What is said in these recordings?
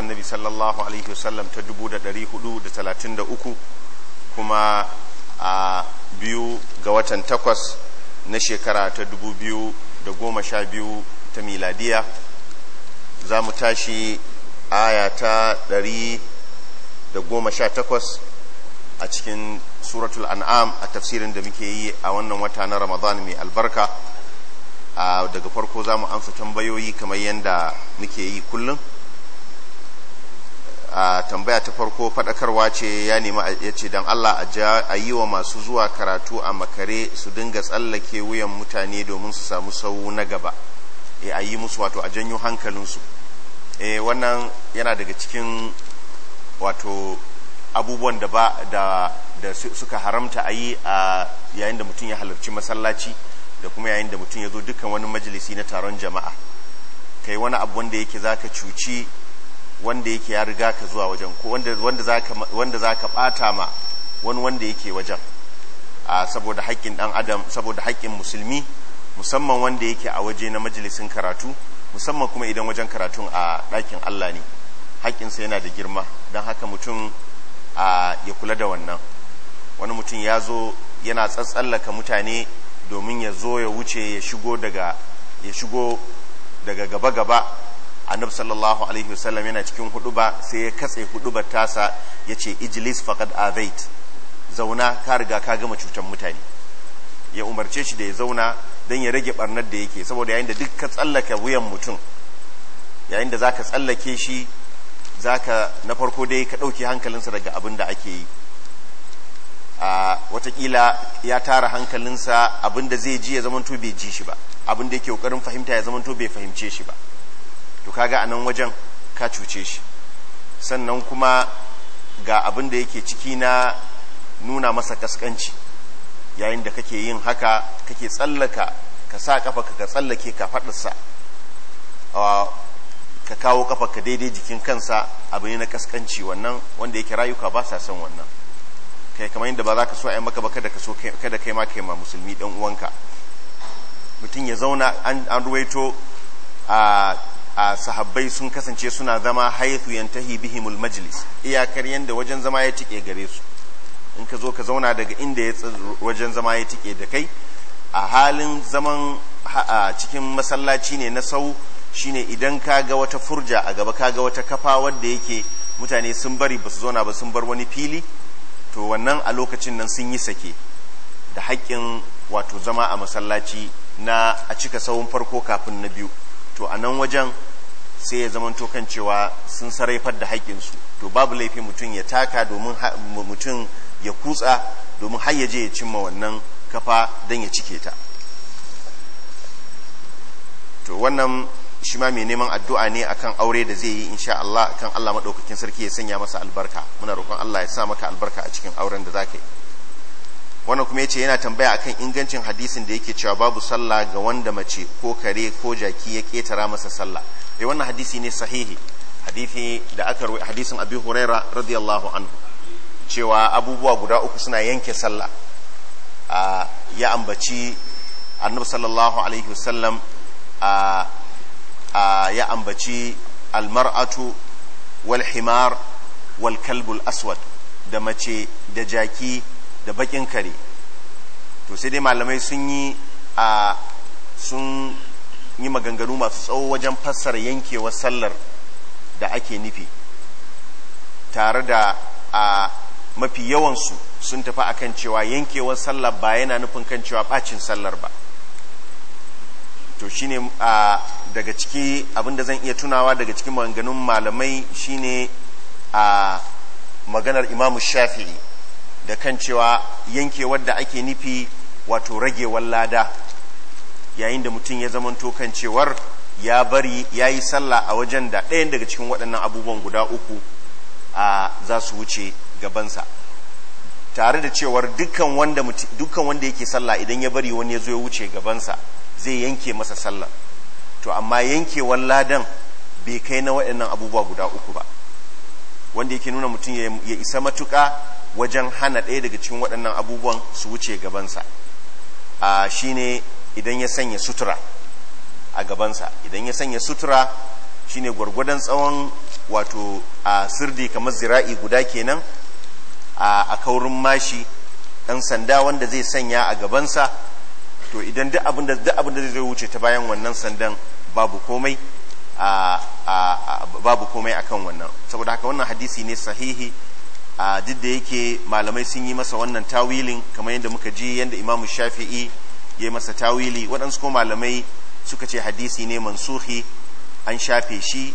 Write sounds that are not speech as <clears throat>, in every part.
annabi sallallahu alaihi wasallam ta 433 kuma a biyu ga watan takwas na shekara ta 2012 ta miladiya za mu tashi aya ta 118 a cikin suratul an'am a tafsirin da muke yi a wannan wata na ramadan mai albarka daga farko za mu amsa tambayoyi kamar yadda muke yi kullum a tambaya ta farko faɗakarwa ce ya nemi ya ce don Allah a yi wa masu zuwa karatu a makare su dinga tsallake wuyan mutane domin su samu sau na gaba eh, a yi musu wato a janyo hankalinsu eh, wannan yana daga cikin wato abubuwan da ba da suka haramta a yi a yayin da mutum ya halarci masallaci da kuma yayin da mutum ya zo dukkan wani majalisi na taron jama'a kai wani abu wanda yake zaka cuci wanda yake ya riga ka zuwa wajen ko wanda za ka bata ma wani wanda yake wajen saboda haƙƙin ɗan adam saboda haƙƙin musulmi musamman wanda yake a waje na majalisin karatu musamman kuma idan wajen karatun a ɗakin Allah ne haƙƙinsa yana da girma don haka mutum ya kula da wannan wani mutum ya zo yana tsatsallaka mutane domin ya zo ya wuce ya shigo daga gaba-gaba annabi sallallahu alaihi wasallam yana cikin huduba sai ya katse hudubar tasa ya ce ijlis faqad azait zauna ka riga ka gama cutar mutane ya umarce shi da ya zauna don ya rage barnar da yake saboda yayin da duk ka tsallaka wuyan mutum yayin da zaka tsallake shi zaka na farko dai ka dauki hankalinsa daga abin da ake yi a watakila ya tara hankalinsa abin da zai ji ya zamanto bai ji shi ba abin da yake ƙoƙarin fahimta ya zamanto bai fahimce shi ba to kaga a nan wajen ka cuce shi sannan kuma ga abin da yake ciki na nuna masa kaskanci yayin da kake yin haka kake tsallaka ka sa kafa ka tsallake ka faɗarsa ka kawo kafa ka daidai jikin kansa abu ne na kaskanci wannan wanda yake rayuka ba sa son wannan kai kamar yadda ba za ka so a maka ba kada ka so kada kai ma kai ma musulmi ɗan uwanka mutum ya zauna an ruwaito a a sahabbai sun kasance suna zama haithu yantahi bihimul majlis iyakar yanda wajen zama ya tike gare su in ka zo ka zauna daga inda ya wajen zama ya tike da kai a halin zaman a cikin masallaci ne na sau shine idan ka ga wata furja a gaba ka ga wata kafa wadda yake mutane sun bari ba su zauna ba sun bar wani fili to wannan a lokacin nan sun yi sake da haƙƙin wato zama a masallaci na a cika sawun farko kafin na biyu to a nan wajen sai ya zamanto kan cewa sun saraifar da haƙƙinsu to babu laifin mutum ya taka domin mutum ya kutsa domin har ya je ya cimma wannan kafa don ya cike ta to wannan shi ma mai neman addu'a ne akan aure da zai yi insha Allah kan Allah maɗaukakin sarki ya sanya masa albarka muna roƙon Allah ya sa maka albarka a cikin auren da za ka yi wannan kuma yace yana tambaya akan ingancin hadisin da yake cewa babu sallah ga wanda mace ko kare ko jaki ya ketara masa sallah eh wannan hadisi ne sahihi hadisi da aka hadisin Abi Huraira radiyallahu anhu cewa abubuwa guda uku suna yanke sallah ya ambaci annabi sallallahu alaihi wasallam ya ambaci almar'atu wal himar wal kalbul aswad da mace da jaki da bakin kare to sai dai malamai sun yi a sun yi maganganu masu tsawo wajen fassar yankewar sallar da ake nufi tare da a mafi yawansu sun tafi akan cewa yankewar sallar ba yana nufin kan cewa bacin sallar ba to shine a daga ciki abinda zan iya tunawa daga cikin maganganun malamai shine a maganar imamu shafi'i da kan cewa yankewar da ake nufi wato rage lada yayin da mutum ya zamanto kan cewar ya bari ya yi sallah a wajen da ɗayan daga cikin waɗannan abubuwan guda uku a za su wuce gabansa tare da cewar dukkan wanda dukkan wanda yake sallah idan ya bari wani ya zo ya wuce gabansa zai yanke masa sallah to amma yankewar ladan bai kai na waɗannan abubuwa guda uku ba wanda yake nuna mutum ya isa matuka. wajen hana ɗaya daga cikin waɗannan abubuwan su wuce gabansa a shine idan ya sanya sutura a gabansa idan ya sanya sutura shine gwargwadon tsawon wato a sirdi kamar zira'i guda kenan a kaurin mashi ɗan sanda wanda zai sanya a gabansa to idan duk abin da duk abin da zai wuce ta bayan wannan sandan babu komai a babu komai akan wannan saboda haka wannan hadisi ne sahihi a duk da yake malamai sun yi masa wannan tawilin kamar yadda muka ji yadda imamu shafi'i ya yi masa tawili waɗansu ko malamai suka ce hadisi ne mansuhi an shafe shi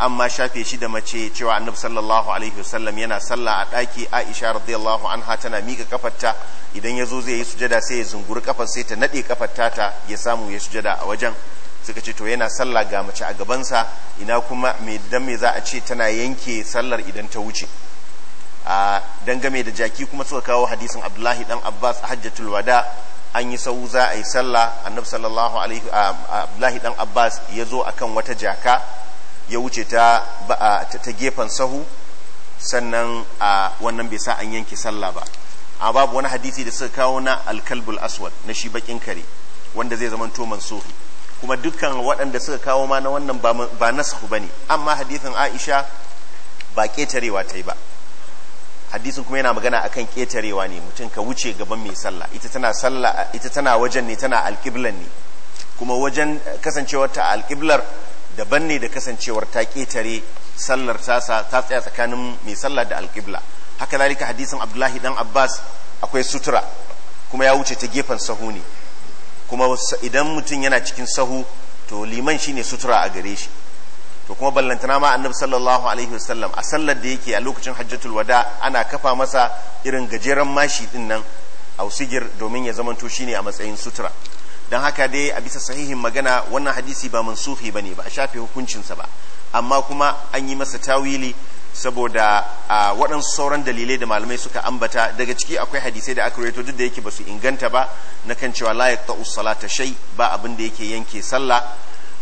an ma shafe shi da mace cewa annabi sallallahu alaihi wasallam yana sallah a ɗaki aisha radiyallahu anha tana miƙa kafarta idan ya zo zai yi sujada sai ya zunguri kafar sai ta naɗe kafar ta ya samu ya sujada a wajen suka ce to yana sallah ga mace a gabansa ina kuma me dan me za a ce tana yanke sallar idan ta wuce a dangame da jaki kuma suka kawo hadisin abdullahi dan abbas a hajjatul wada an yi sau za a yi sallah annabi sallallahu alaihi abdullahi dan abbas ya zo akan wata jaka ya wuce ta ta gefen sahu sannan wannan bai sa an yanke sallah ba a babu wani hadisi da suka kawo na alkalbul aswad na shi bakin kare wanda zai zama to mansuhi kuma dukkan waɗanda suka kawo ma na wannan ba nasahu ne amma hadisin aisha ba ƙetarewa ta yi ba hadisin kuma yana magana akan ketarewa ne mutum ka wuce gaban mai sallah ita tana sallah ita tana wajen ne tana alqiblan ne kuma wajen kasancewar ta alƙiblar daban ne da kasancewar ta ketare sallar tasa ta tsaya tsakanin mai sallah da alƙibla haka zalika hadisin abdullahi dan abbas akwai sutura kuma ya wuce ta gefen sahu ne kuma idan mutum yana cikin sahu to liman shine sutura a gare shi to kuma ballantana ma annabi sallallahu alaihi wasallam a sallar da yake a lokacin hajjatul wada ana kafa masa irin gajeren mashi din nan ausigir domin ya zamanto shine a matsayin sutura don haka dai a bisa sahihin magana wannan hadisi ba mansufi ne ba a shafe hukuncinsa ba amma kuma an yi masa tawili saboda a waɗansu sauran dalilai da malamai suka ambata daga ciki akwai hadisai da aka rawaito duk da yake ba su inganta ba na kan cewa la yaqta'u salata shay ba abin da yake yanke sallah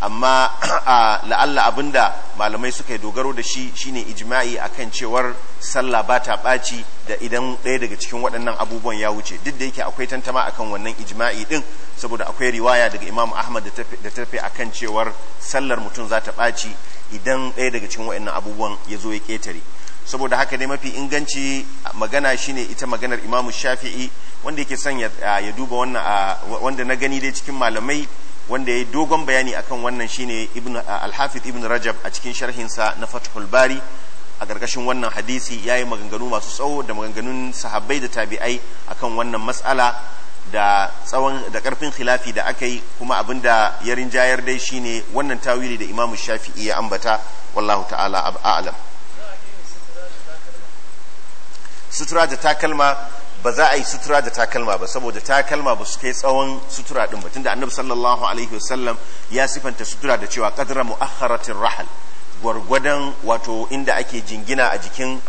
amma <clears throat> la'alla abinda malamai suka yi dogaro da shi shine ijma'i akan cewar sallah ba ta ɓaci da idan ɗaya daga cikin waɗannan abubuwan ya wuce duk da yake akwai tantama akan wannan ijma'i din saboda akwai riwaya daga imam ahmad da tafi akan cewar sallar mutum za ta ɓaci idan ɗaya daga cikin waɗannan abubuwan ya zo ya ƙetare saboda haka dai mafi inganci magana shine ita maganar imam shafi'i wanda yake son ya duba wannan wanda na gani dai cikin malamai wanda ya yi dogon bayani akan wannan shine ibn Alhafi ibn rajab a cikin sharhinsa na fathul bari a ƙarƙashin wannan hadisi ya yi maganganu masu tsawo da maganganun sahabbai da tabi'ai akan wannan matsala da tsawon da ƙarfin khilafi da aka yi kuma abin da ya rinjayar dai shine wannan tawili da imamu shafi'i ya ambata wallahu ta'ala a'lam sutura da takalma ba za a yi sutura da takalma ba saboda takalma ba su kai tsawon sutura din ba tunda annabi sallallahu alaihi wasallam ya sifanta sutura da cewa qadra muakhkharatir rahal gwargwadon wato inda ake jingina a jikin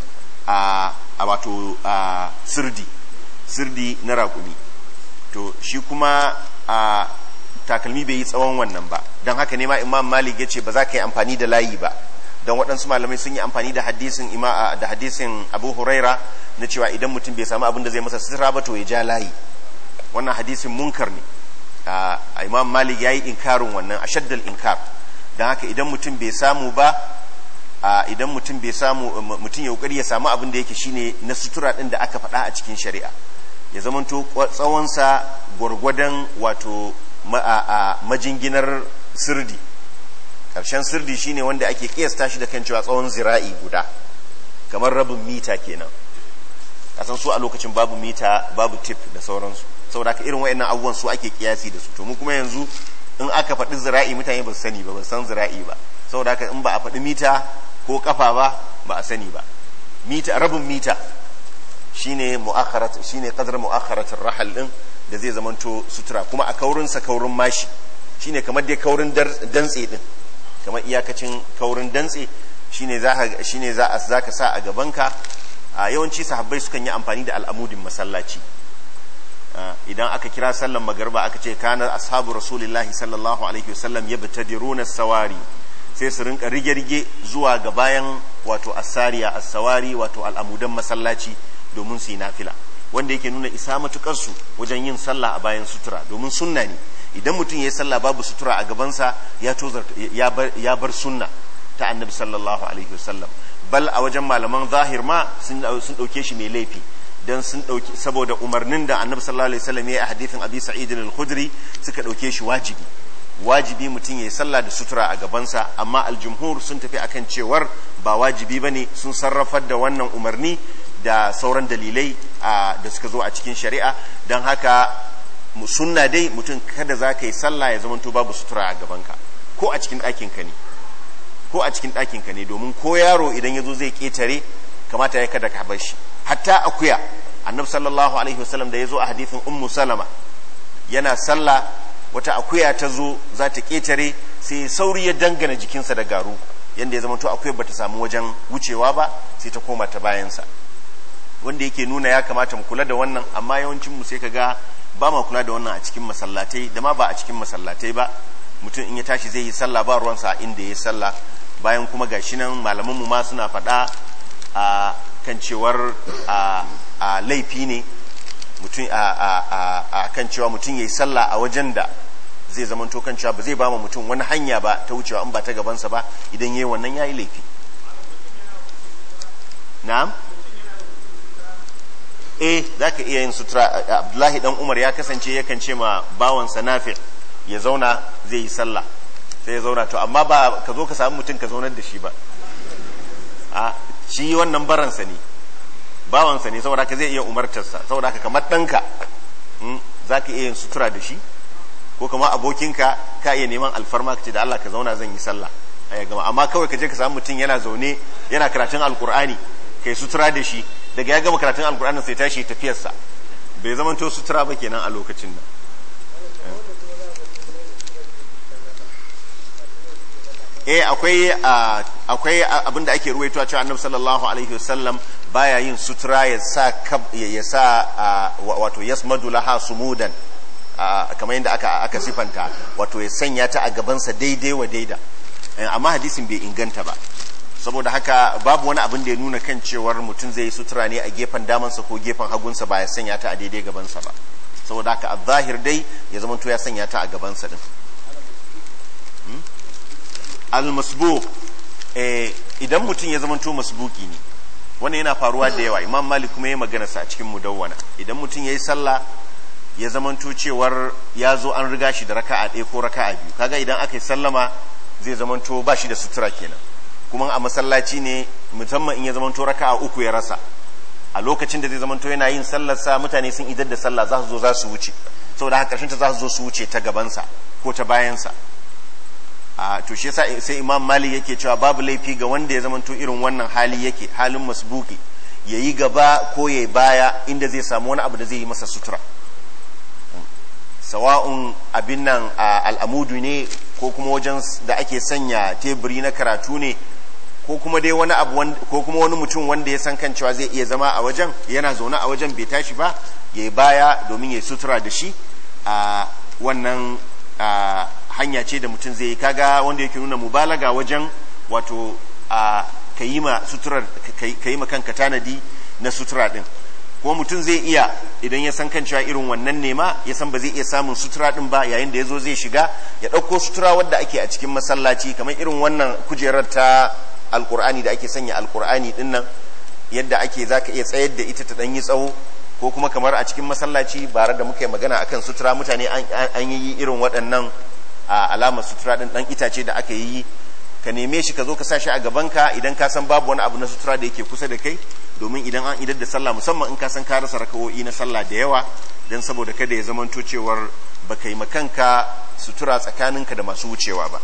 a wato sirdi sirdi na raƙumi to shi kuma a takalmi bai yi tsawon wannan ba don haka ne ma imam malik ya ce ba za ka yi amfani da layi ba don waɗansu malamai sun yi amfani da hadisin Ima'a da hadisin abu huraira na cewa idan mutum bai samu abin da zai masa sutura ba to ya ja layi wannan hadisin munkar ne a imam malik ya yi inkarin wannan a shaddal inkar don haka idan mutum bai samu ba a idan mutum bai samu um, mutum ya kokari ya samu abin da yake shine na sutura ɗin da aka faɗa a cikin shari'a ya zamanto tsawonsa gwargwadon wato majinginar sirdi ƙarshen sirdi ne wanda ake kiyasta shi da kan cewa tsawon zira'i guda kamar rabin mita kenan a san su a lokacin babu mita babu tip da sauransu saboda haka irin wayannan abubuwan su ake kiyasi da su to mu kuma yanzu in aka faɗi zira'i mutane ba sani ba ba san zira'i ba saboda haka in ba a faɗi mita ko kafa ba ba a sani ba mita rabin mita shine mu'akharat shine qadar rahal ɗin da zai zamanto sutura kuma a kaurin sa kaurin mashi shine kamar dai kaurin dantse ɗin. kamar iyakacin kaurin dantse shine za shine za zaka sa a gabanka a yawanci sahabbai sukan yi amfani da al'amudin masallaci idan aka kira sallan magarba aka ce kana ashabu rasulillahi sallallahu alaihi wasallam yabtadiruna sawari sai su rinka rige-rige zuwa ga bayan wato asariya sawari wato al'amudan masallaci domin su yi nafila wanda yake nuna isa matukar su wajen yin sallah a bayan sutura domin sunna ne idan mutum ya yi sallah babu sutura a gabansa ya tozar ya bar sunna ta annabi sallallahu alaihi wasallam bal a wajen malaman zahir ma sun dauke shi mai laifi dan sun dauke saboda umarnin da annabi sallallahu alaihi wasallam ya yi a hadithin abi sa'id al-khudri suka dauke shi wajibi wajibi mutum ya yi sallah da sutura a gabansa amma aljumhur sun tafi akan cewar ba wajibi ba ne sun sarrafar da wannan umarni da sauran dalilai da suka zo a cikin shari'a don haka sunna dai mutum kada za ka yi sallah ya to babu sutura a gabanka ko a cikin ɗakin ka ne ko a cikin ɗakin ka ne domin ko yaro idan ya zo zai ƙetare kamata ya kada ka bar shi hatta akuya annabi sallallahu alaihi wasallam da ya zo a hadithin ummu salama yana sallah wata akuya ta zo za ta ƙetare sai sauri ya dangana jikinsa da garu yadda ya zamanto ba bata samu wajen wucewa ba sai ta koma ta bayansa wanda yake nuna ya kamata mu kula da wannan amma yawancin mu sai ka ga ba ma kula da wannan a cikin masallatai da ma ba a cikin masallatai ba mutum in ya tashi zai yi sallah ba ruwansa a inda ya yi sallah bayan kuma gashi nan malamanmu ma suna faɗa a kan cewar a laifi ne mutum a kan cewa mutum ya yi sallah a wajen da zai zamanto kan cewa ba zai ba mutum wani hanya ba ta wucewa in ba ta gabansa ba idan ya yi wannan ya yi laifi na'am eh zaka iya yin sutura Abdullahi dan Umar ya kasance yakan ce ma bawan sanafi ya zauna zai yi sallah sai ya zauna to amma ba ka zo ka samu mutum ka zaunar da shi ba a shi wannan baransa ne bawansa ne saboda ka zai iya umartarsa saboda ka kamar ɗanka hmm, za ka iya yin sutura da shi ko kama abokinka ka iya neman alfarma ka ce da Allah ka zauna zan yi sallah a gama amma kawai ka je ka samu mutum yana zaune yana karatun alkur'ani yi sutura da shi daga ya gama karatun alkur'anin sai tashi tafiyarsa bai zama to sutura ba kenan a lokacin nan eh akwai akwai abin da ake a cewa annabi sallallahu alaihi wasallam baya yin sutura ya sa ya sa wato yasmadu laha sumudan kamar yadda aka aka sifanta wato ya sanya ta a gaban sa daidai wa daida eh, amma hadisin bai inganta ba saboda haka babu wani abin da ya nuna kan cewar mutum zai yi sutura ne a gefen damansa ko gefen hagunsa ba ya sanya ta a daidai gabansa ba saboda haka a zahir dai ya zama to ya sanya ta a gabansa din hmm? almasbuk eh, idan mutum ya zama to masbuki ne wani yana faruwa da yawa imam malik kuma ya magana sa a cikin mudawwana idan mutum ya yi sallah ya zama to cewar ya zo an riga shi da raka'a ɗaya ko raka'a biyu kaga idan aka yi sallama zai zama to ba shi da sutura kenan kuma a masallaci ne musamman in ya zamanto raka'a uku ya rasa a lokacin da zai zamanto yana yin sallarsa mutane sun idar da sallah za su zo za su wuce saboda haka karshen ta za su zo su wuce ta gabansa ko ta bayansa a to shi yasa sai imam malik yake cewa babu laifi ga wanda ya zamanto irin wannan hali yake halin masbuki yayi gaba ko yayi baya inda zai samu wani abu da zai yi masa sutura sawa'un abin nan al'amudu ne ko kuma wajen da ake sanya teburi na karatu ne ko kuma dai wani abu ko kuma wani mutum wanda ya san kan cewa zai iya zama a wajen yana zaune a wajen bai tashi ba ya yi baya domin ya yi sutura da shi a wannan hanya ce da mutum zai yi kaga wanda yake nuna mubalaga wajen wato a kayima suturar kayima kanka tanadi na sutura din ko mutum zai iya idan ya san kan cewa irin wannan nema ya san ba zai iya samun sutura din ba yayin da ya zo zai shiga ya ɗauko sutura wadda ake a cikin masallaci kamar irin wannan kujerar ta alkur'ani da ake sanya alkur'ani din nan yadda ake za ka iya tsayar da ita ta dan yi tsawo ko kuma kamar a cikin masallaci bare da muka yi magana akan sutura mutane an yi irin waɗannan alamar sutura din dan itace da aka yi ka neme shi ka zo ka sa shi a gabanka idan ka san babu wani abu na sutura da yake kusa da kai domin idan an idar da sallah musamman in ka san ka rasa raka'o'i na sallah da yawa dan saboda kada ya zamanto cewar ba yi makanka sutura tsakaninka da masu wucewa ba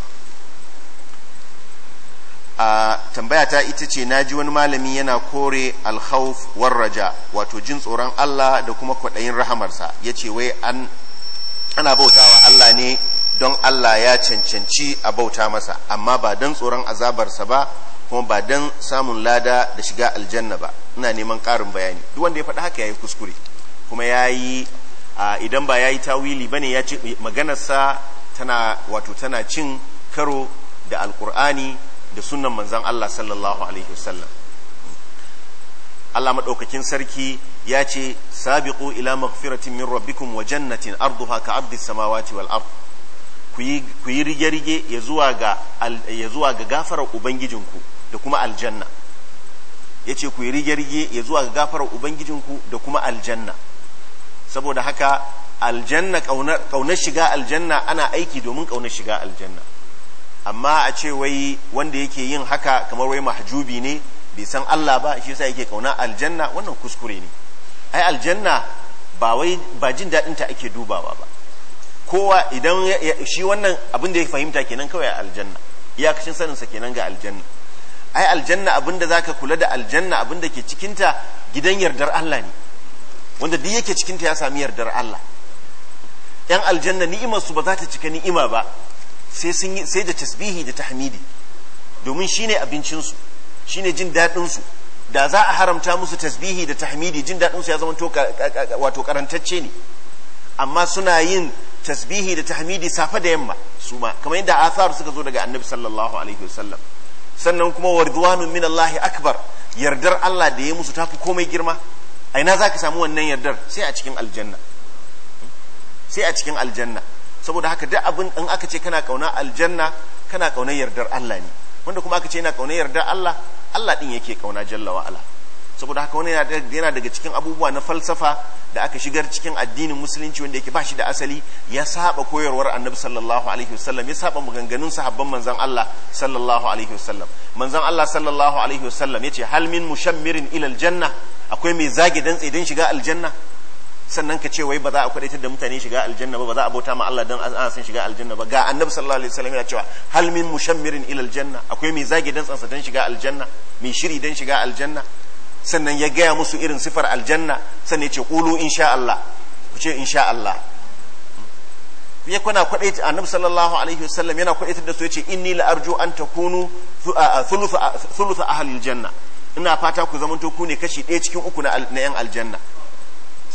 a tambaya ta ita ce na ji wani malami yana kore alhauf warraja wato jin tsoron Allah da kuma kwaɗayin rahamarsa ya ce wai an ana bautawa Allah ne don Allah ya cancanci a bauta masa amma ba don tsoron azabarsa ba kuma ba don samun lada da shiga aljanna ba ina neman ƙarin bayani duk wanda ya faɗi haka yayi kuskure kuma yayi yi idan ba ya yi tawili bane ne ya ce maganarsa tana wato tana cin karo da alkur'ani da sunan manzan Allah sallallahu alaihi wasallam Allah maɗaukakin sarki ya ce sabiqu ila maghfiratin min rabbikum wa jannatin arduha ka ardi samawati wal ard ku yi rige-rige ya zuwa ga ya zuwa ga gafarar ubangijinku da kuma aljanna ya ce ku yi rige-rige ya zuwa ga gafarar ubangijinku da kuma aljanna saboda haka aljanna ƙaunar shiga aljanna ana aiki domin kaunar shiga aljanna amma a ce wai wanda yake yin haka kamar wai mahjubi ne bai san Allah ba shi yasa yake kauna aljanna wannan kuskure ne ai aljanna ba wai ba jin daɗin ta ake dubawa ba kowa idan shi wannan abin da ya fahimta kenan kawai aljanna iyakacin sanin sa kenan ga aljanna ai aljanna abin da zaka kula da aljanna abin da ke cikinta gidan yardar Allah ne wanda duk yake cikinta ya sami yardar Allah yan aljanna ni'imar su ba za ta cika ni'ima ba sai sun yi sai da tasbihi da tahmidi domin shine abincinsu shine jin daɗinsu da za a haramta musu tasbihi da tahmidi jin daɗinsu ya zama wato karantacce ne amma suna yin tasbihi da tahmidi safe da yamma su ma kamar yadda athar suka zo daga annabi sallallahu alaihi wasallam sannan kuma warduwanun min Allah akbar yardar Allah da ya musu tafi komai girma ina za ka samu wannan yardar sai a cikin aljanna hmm? sai a cikin aljanna saboda haka duk abin in aka ce kana kauna aljanna kana kauna yardar Allah ne wanda kuma aka ce yana kauna yardar Allah Allah din yake kauna jalla wa ala saboda haka wani yana daga cikin abubuwa na falsafa da aka shigar cikin addinin musulunci wanda yake bashi da asali ya saba koyarwar annabi sallallahu alaihi wasallam ya saba maganganun sahabban manzon Allah sallallahu alaihi wasallam manzon Allah sallallahu alaihi wasallam yace hal min mushammirin ila aljanna akwai mai zage dantse dan shiga aljanna sannan ka ce wai ba za a kwadaitar da mutane shiga aljanna ba ba za a bauta ma Allah dan an san shiga aljanna ba ga annabi sallallahu alaihi wasallam ya cewa hal min mushammirin ila aljanna akwai mai zage dan tsansa dan shiga aljanna mai shiri dan shiga aljanna sannan ya gaya musu irin sifar aljanna sannan ya ce qulu insha Allah ku ce insha Allah ya kuna kwadaita annabi sallallahu alaihi wasallam yana kwadaitar da su yace inni la arju an takunu thuluth thuluth ahli aljanna ina fata ku zamanto ku ne kashi ɗaya cikin uku na yan aljanna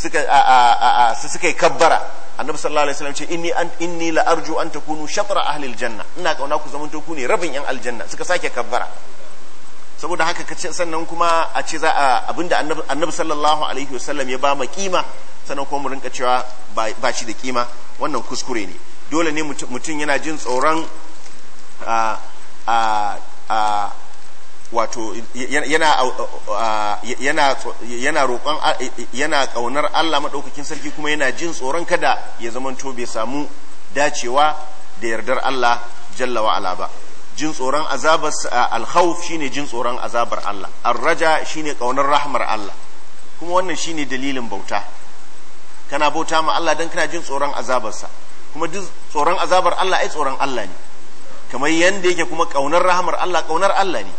suka a yi kabbara annabi sallallahu alaihi wasallam ce inni an inni la arju an takunu shatra ahli aljanna ina kauna ku zamanto ku ne rabin yan aljanna suka sake kabbara saboda haka kace sannan kuma a ce za a abinda annabi sallallahu alaihi wasallam ya ba ma kima sannan kuma mu rinka cewa ba shi da kima wannan kuskure ne dole ne mutum yana jin tsoron a wato yana roƙon yana ƙaunar Allah maɗaukakin sarki kuma yana jin tsoron kada ya zamanto bai samu dacewa da yardar Allah jalla wa'ala ba jin tsoron azabar shi shine jin tsoron azabar Allah arraja shine ƙaunar rahmar Allah kuma wannan shine dalilin bauta kana bauta ma Allah dan kana jin tsoron azabarsa kuma duk tsoron azabar Allah ai tsoron Allah ne kamar yanda yake kuma ƙaunar rahmar Allah ƙaunar Allah ne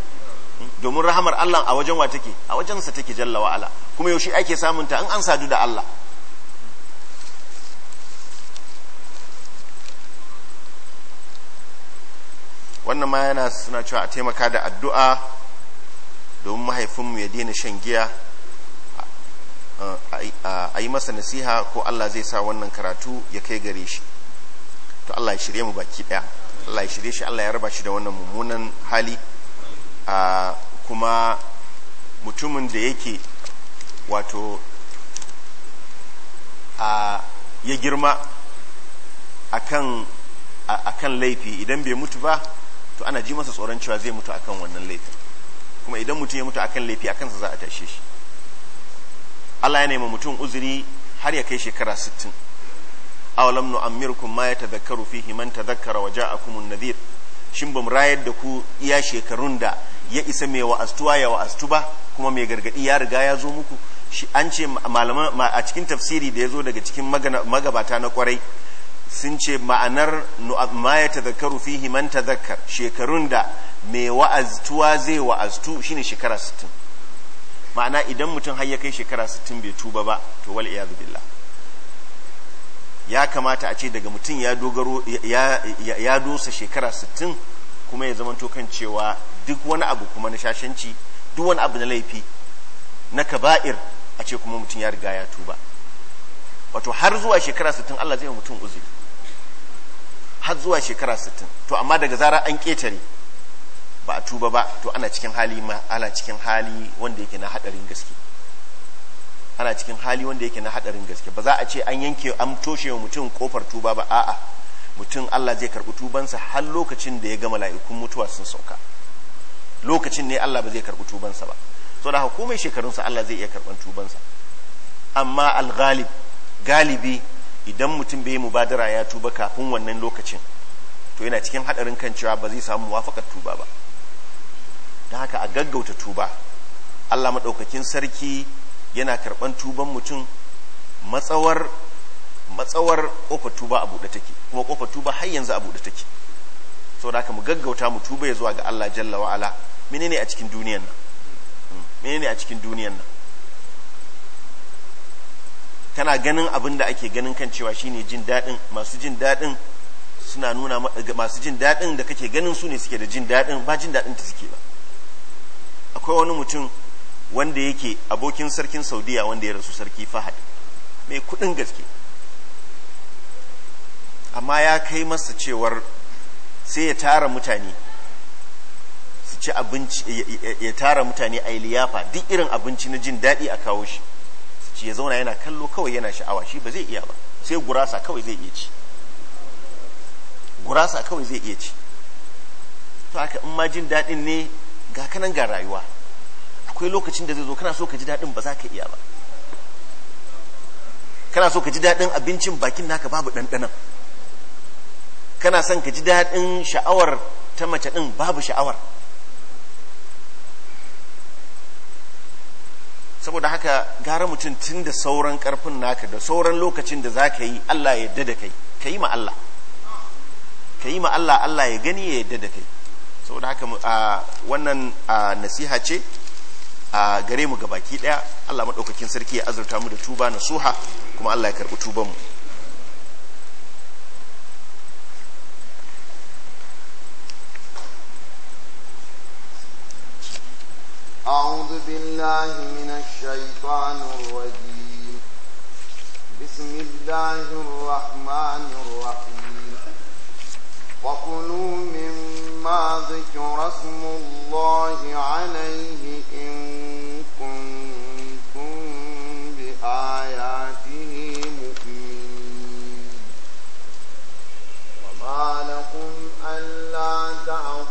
domin rahamar Allah a wajen wa take a wajen take jalla wa ala kuma yaushe ake samun ta in an sadu da Allah wannan ma yana suna cewa a taimaka da addu'a domin mahaifinmu ya daina shan giya a yi masa nasiha ko Allah zai sa wannan karatu ya kai gare shi to Allah ya shirye mu baki daya Allah ya shirye shi Allah ya raba shi da wannan mummunan hali kuma mutumin da yake wato a ya girma a kan laifi idan bai mutu ba to ana ji masa tsoron cewa zai mutu akan wannan laifin kuma idan mutum ya mutu akan laifi a kansa za a tashe shi Allah ya nema mutum uzuri har ya kai shekara 60 awalam nu'ammirkum ma yatadhakkaru fihi man tadhakkara wa ja'akumun nadhir shin bam rayar da ku iya shekarun da ya isa mai wa'astuwa ya wa'astu ba kuma mai gargadi ya riga ya zo muku shi an ce malaman a cikin tafsiri da ya zo daga cikin magabata na kwarai sun ce ma'anar ma ya tazakaru fihi man tazakkar shekarun da mai wa'astuwa zai wa'aztu shine shekara 60 ma'ana idan mutum har ya kai shekara 60 bai tuba ba to wal iyad billah ya kamata a ce daga mutum ya dosa shekara sittin kuma ya zamanto kan cewa duk wani abu kuma na shashanci duk wani abu na laifi na kaba'ir a ce kuma mutum ya riga ya tuba wato har zuwa shekara 60 Allah zai mutum uzuri har zuwa shekara 60 to amma daga zara an ketare ba a tuba ba to ana cikin hali ma ana cikin hali wanda yake na hadarin gaske ana cikin hali wanda yake na hadarin gaske ba za a ce an yanke an toshe wa mutum kofar tuba ba a'a mutum Allah zai karbi tubansa har lokacin da ya ga mala'ikun mutuwa sun sauka lokacin ne Allah ba zai karɓi tubansa ba so da shekarun shekarunsa Allah zai iya karɓan tubansa amma al galibi idan mutum bai mubadara ya tuba kafin wannan lokacin to yana cikin hadarin kan cewa ba zai samu muwafaqar tuba ba dan haka a gaggauta tuba Allah madaukakin sarki yana karɓan tuban mutum matsawar matsawar kofar tuba a buɗe take kuma kofar tuba har yanzu a buɗe take saboda haka mu gaggauta mu tuba ya zuwa ga Allah jalla wa'ala menene a cikin duniyan nan hmm, menene a cikin duniyan nan kana ganin abin da ake ganin kan cewa shine jin daɗin masu jin daɗin suna nuna masu jin daɗin da kake ganin su ne suke da jin daɗin ba jin daɗin ta suke ba akwai wani mutum wanda yake abokin sarkin saudiya wanda ya rasu sarki fahad mai kudin gaske amma ya kai masa cewar sai ya tara mutane ci abinci ya tara mutane a liyafa duk irin abinci na jin daɗi a kawo shi shi ya zauna yana kallo kawai yana sha'awa shi ba zai iya ba sai gurasa kawai zai iya ci gurasa kawai zai iya ci to haka in ma jin daɗin ne ga kanan ga rayuwa akwai lokacin da zai zo kana so ka ji daɗin ba za ka iya ba kana so ka ji daɗin abincin bakin naka babu ɗanɗanan kana son ka ji daɗin sha'awar ta mace ɗin babu sha'awar saboda haka gara mutum tun da sauran karfin naka da sauran lokacin da za ka yi Allah ya yadda da kai ka yi ma Allah ka yi ma Allah Allah ya gani ya yadda da kai saboda haka wannan nasiha ce a gare mu baki ɗaya, Allah maɗaukakin sarki ya azurta mu da tuba nasuha kuma Allah ya karɓi tuban mu أعوذ بالله من الشيطان الرجيم بسم الله الرحمن الرحيم وكلوا مما ذكر اسم الله عليه إن كنتم بآياته مؤمنين وما لكم ألا تعقلوا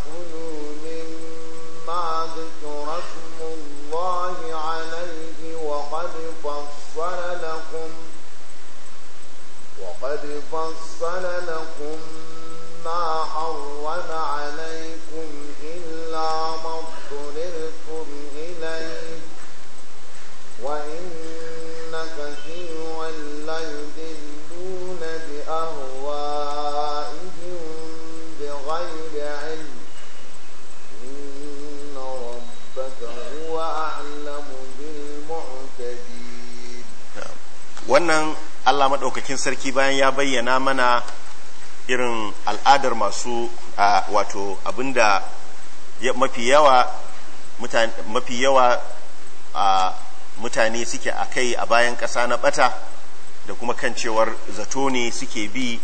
فصل لكم وقد فصل لكم ما حرم عليكم إلا ما اضطررتم إليه وإن كثيرا ليدلون بأهوائهم wannan allah maɗaukakin sarki bayan ya bayyana mana irin al'adar masu wato abinda mafi yawa mafi yawa mutane suke a kai a bayan ƙasa na ɓata da kuma kan cewar zato ne suke bi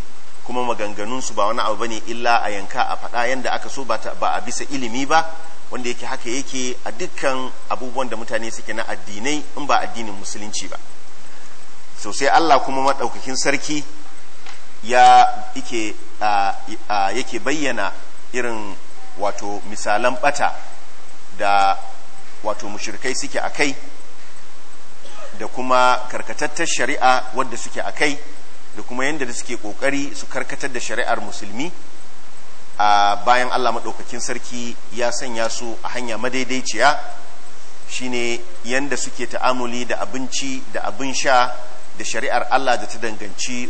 kuma maganganunsu ba wani abu bane illa a yanka a faɗa yadda aka so ba a bisa ilimi ba wanda yake haka yake a dukkan abubuwan da mutane suke na addinai in ba addinin musulunci ba Sosai sai Allah kuma maɗaukakin sarki ya ike yake bayyana irin wato misalan ɓata da wato mushrikai suke a kai da kuma karkatattar shari'a wadda suke a kai da kuma yadda da suke ƙoƙari su karkatar da shari'ar musulmi a bayan Allah maɗaukakin sarki ya sanya su a hanya madaidaiciya shine yadda suke ta'amuli da abinci da abin sha da shari'ar Allah da ta danganci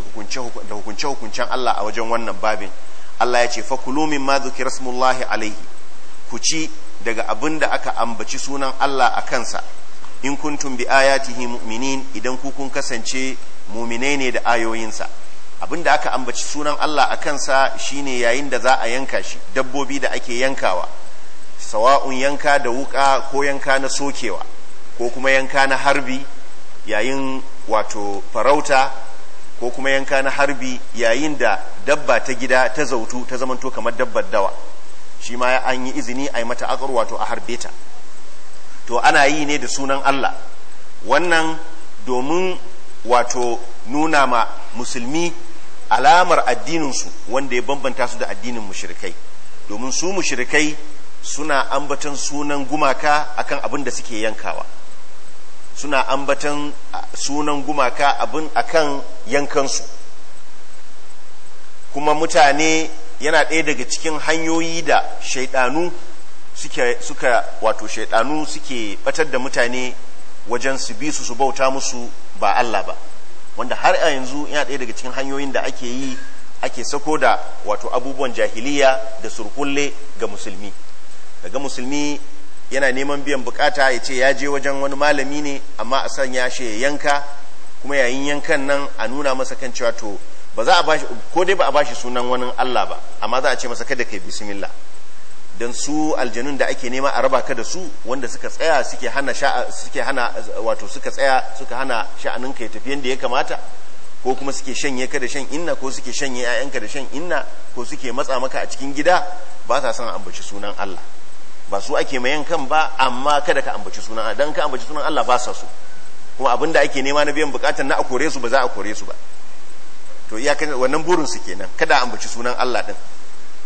da hukunce-hukuncen Allah a wajen wannan babin Allah ya ce fakulumin ma zukira Rasmullahi alaihi ku ci daga abin da aka ambaci sunan Allah a kansa in kuntum bi ayatihi mu'minin idan ku kun kasance mu'minai ne da ayoyinsa abin da aka ambaci sunan Allah a kansa shine yayin da za a yanka shi dabbobi da ake yankawa sawa'un yanka da wuka ko yanka na sokewa ko kuma yanka na harbi yayin wato farauta ko kuma yanka na harbi yayin da dabba ta gida ta zautu ta zamanto kamar dabbar dawa shi ma an yi izini a yi mata akar wato a harbe ta to ana yi ne da sunan Allah wannan domin wato nuna ma musulmi alamar addininsu wanda ya bambanta su da addinin mushrikai domin su mushrikai suna ambaton sunan gumaka akan abin da suke yankawa suna ambatan sunan gumaka abin akan yankansu kuma mutane yana ɗaya daga cikin hanyoyi da shaidanu suke suka wato shaidanu suke batar da mutane wajen su bi su su bauta musu ba Allah ba wanda har a yanzu yana ɗaya daga cikin hanyoyin da ake yi ake sako da wato abubuwan jahiliya da surkulle ga musulmi daga musulmi yana neman biyan bukata ya ce ya je wajen wani malami ne amma a sanya shi ya yanka kuma yayin yankan nan a nuna masa kan cewa to ba za a bashi ko dai ba a bashi sunan wani Allah ba amma za a ce masa kada kai bismillah dan su aljanun da ake nema a raba ka da su wanda suka tsaya suke hana suke hana wato suka tsaya suka hana sha'anin ka ya tafi yanda ya kamata ko kuma suke shanye ka da shan inna ko suke shanye 'ya'yanka da shan inna ko suke matsa maka a cikin gida ba sa son ambaci sunan Allah ba su ake mayan kan ba amma kada ka ambaci sunan dan ka ambaci sunan Allah ba sa su kuma abin da ake nema na biyan bukatan na a kore su ba za a kore su ba to iya kan wannan burin su kenan kada ambaci sunan Allah din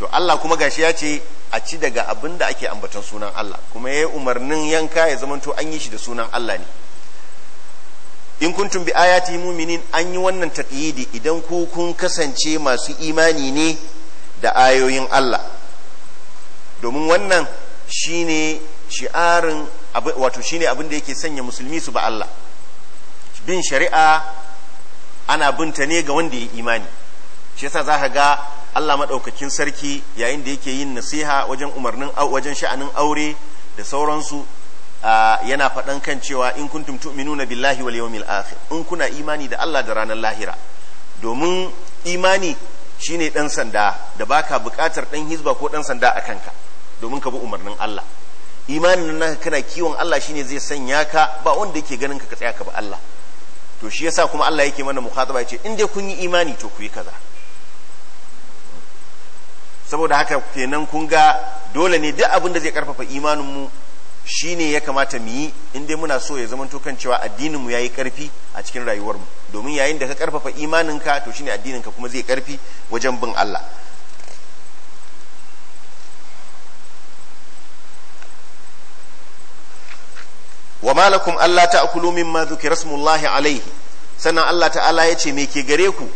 to Allah kuma gashi ya ce a ci daga abin da ake ambatan sunan Allah kuma yayi umarnin yanka ya zamanto an yi shi da sunan Allah ne in kuntum bi ayati mu'minin an yi wannan taqyidi idan ku kun kasance masu imani ne da ayoyin Allah domin wannan shine shi'arin wato shine abin da yake sanya musulmi su ba Allah bin shari'a ana binta ne ga wanda ya imani shi yasa zaka ga Allah maɗaukakin sarki yayin da yake yin nasiha wajen umarnin wajen sha'anin aure da sauransu yana faɗan kan cewa in kuntum tu'minuna billahi wal yawmil akhir in kuna imani da Allah da ranar lahira domin imani shine dan sanda da baka bukatar dan hizba ko dan sanda a kanka domin ka bi umarnin Allah imanin nan kana kiwon Allah shine zai sanya ka ba wanda yake ganin ka ka tsaya ka bi Allah to shi yasa kuma Allah yake mana mukhataba yace in dai kun yi imani to ku yi kaza saboda haka kenan kun ga dole ne duk abin da zai karfafa imanin mu shine ya kamata mu yi in dai muna so ya zama to kan cewa addinin mu yayi karfi a cikin rayuwar mu domin yayin da ka karfafa imanin ka to shine addinin ka kuma zai karfi wajen bin Allah wa malakum Allah min ma zuki smullahi alaihi sannan Allah ta'ala ya ce me ke gare ku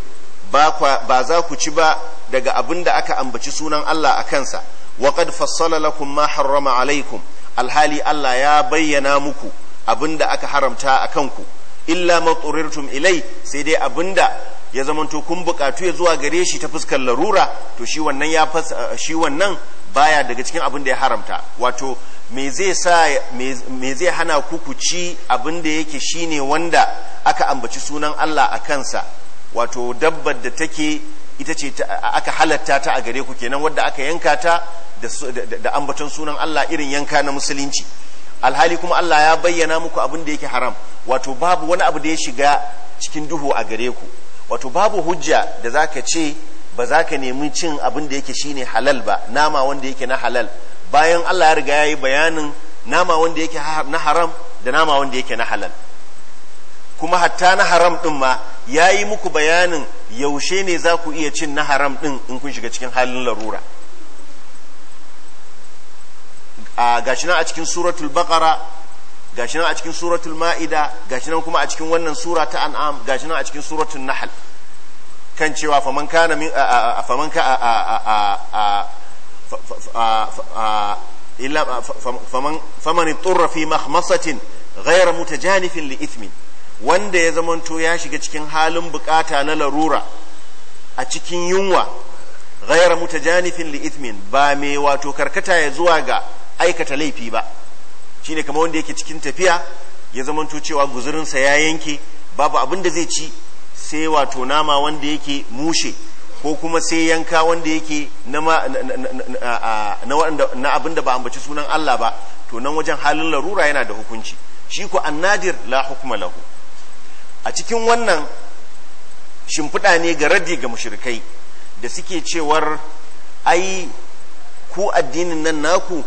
ba za ku ci ba daga abin da aka ambaci sunan Allah a kansa wa qad fassala lakum ma harrama alaikum alhali Allah ya bayyana muku abin da aka haramta a kanku illa ma tsurirtum ilai sai dai da ya zamanto kun bukatu ya zuwa gare shi ta fuskar larura to shi wannan ya shi wannan baya daga cikin abin da ya haramta wato me zai sa me zai hana ku ci abin da yake shine wanda aka ambaci sunan Allah a kansa wato dabbar da take ita ce aka halatta ta a gare ku kenan wadda aka yanka ta da ambaton sunan Allah irin yanka na musulunci alhali kuma Allah ya bayyana muku abin da yake haram wato babu wani abu da ya shiga cikin duhu a gare ku wato babu hujja da za ka ce ba za ka nemi cin abin da yake shine halal ba nama wanda yake na halal bayan Allah ya riga ya yi bayanin nama wanda yake na haram da nama wanda yake na halal kuma hatta na haram din ma ya yi muku bayanin yaushe ne za ku iya cin na haram din in kun shiga cikin halin larura a gashi nan a cikin suratul baqara gashi nan a cikin suratul ma'ida gashi nan kuma a cikin wannan sura ta an'am gashi nan a cikin suratul nahl kan cewa faman ka a faman ka illa faman faman turra fi mahmasatin ghayra mutajanifin li ithmin wanda ya zamanto ya shiga cikin halin bukata na larura a cikin yunwa ghayra mutajanifin li ithmin ba mai wato karkata ya zuwa ga aikata laifi ba shine kamar wanda yake cikin tafiya ya zamanto cewa guzurinsa ya yanke babu abin da zai ci sai wato nama wanda yake mushe ko kuma sai yanka wanda yake na abin da ba ambaci sunan Allah ba to nan wajen halin larura yana da hukunci shi ko annadir la hukuma lahu a cikin wannan shimfiɗa ne ga radi ga mushrikai da suke cewar ai ku addinin nan naku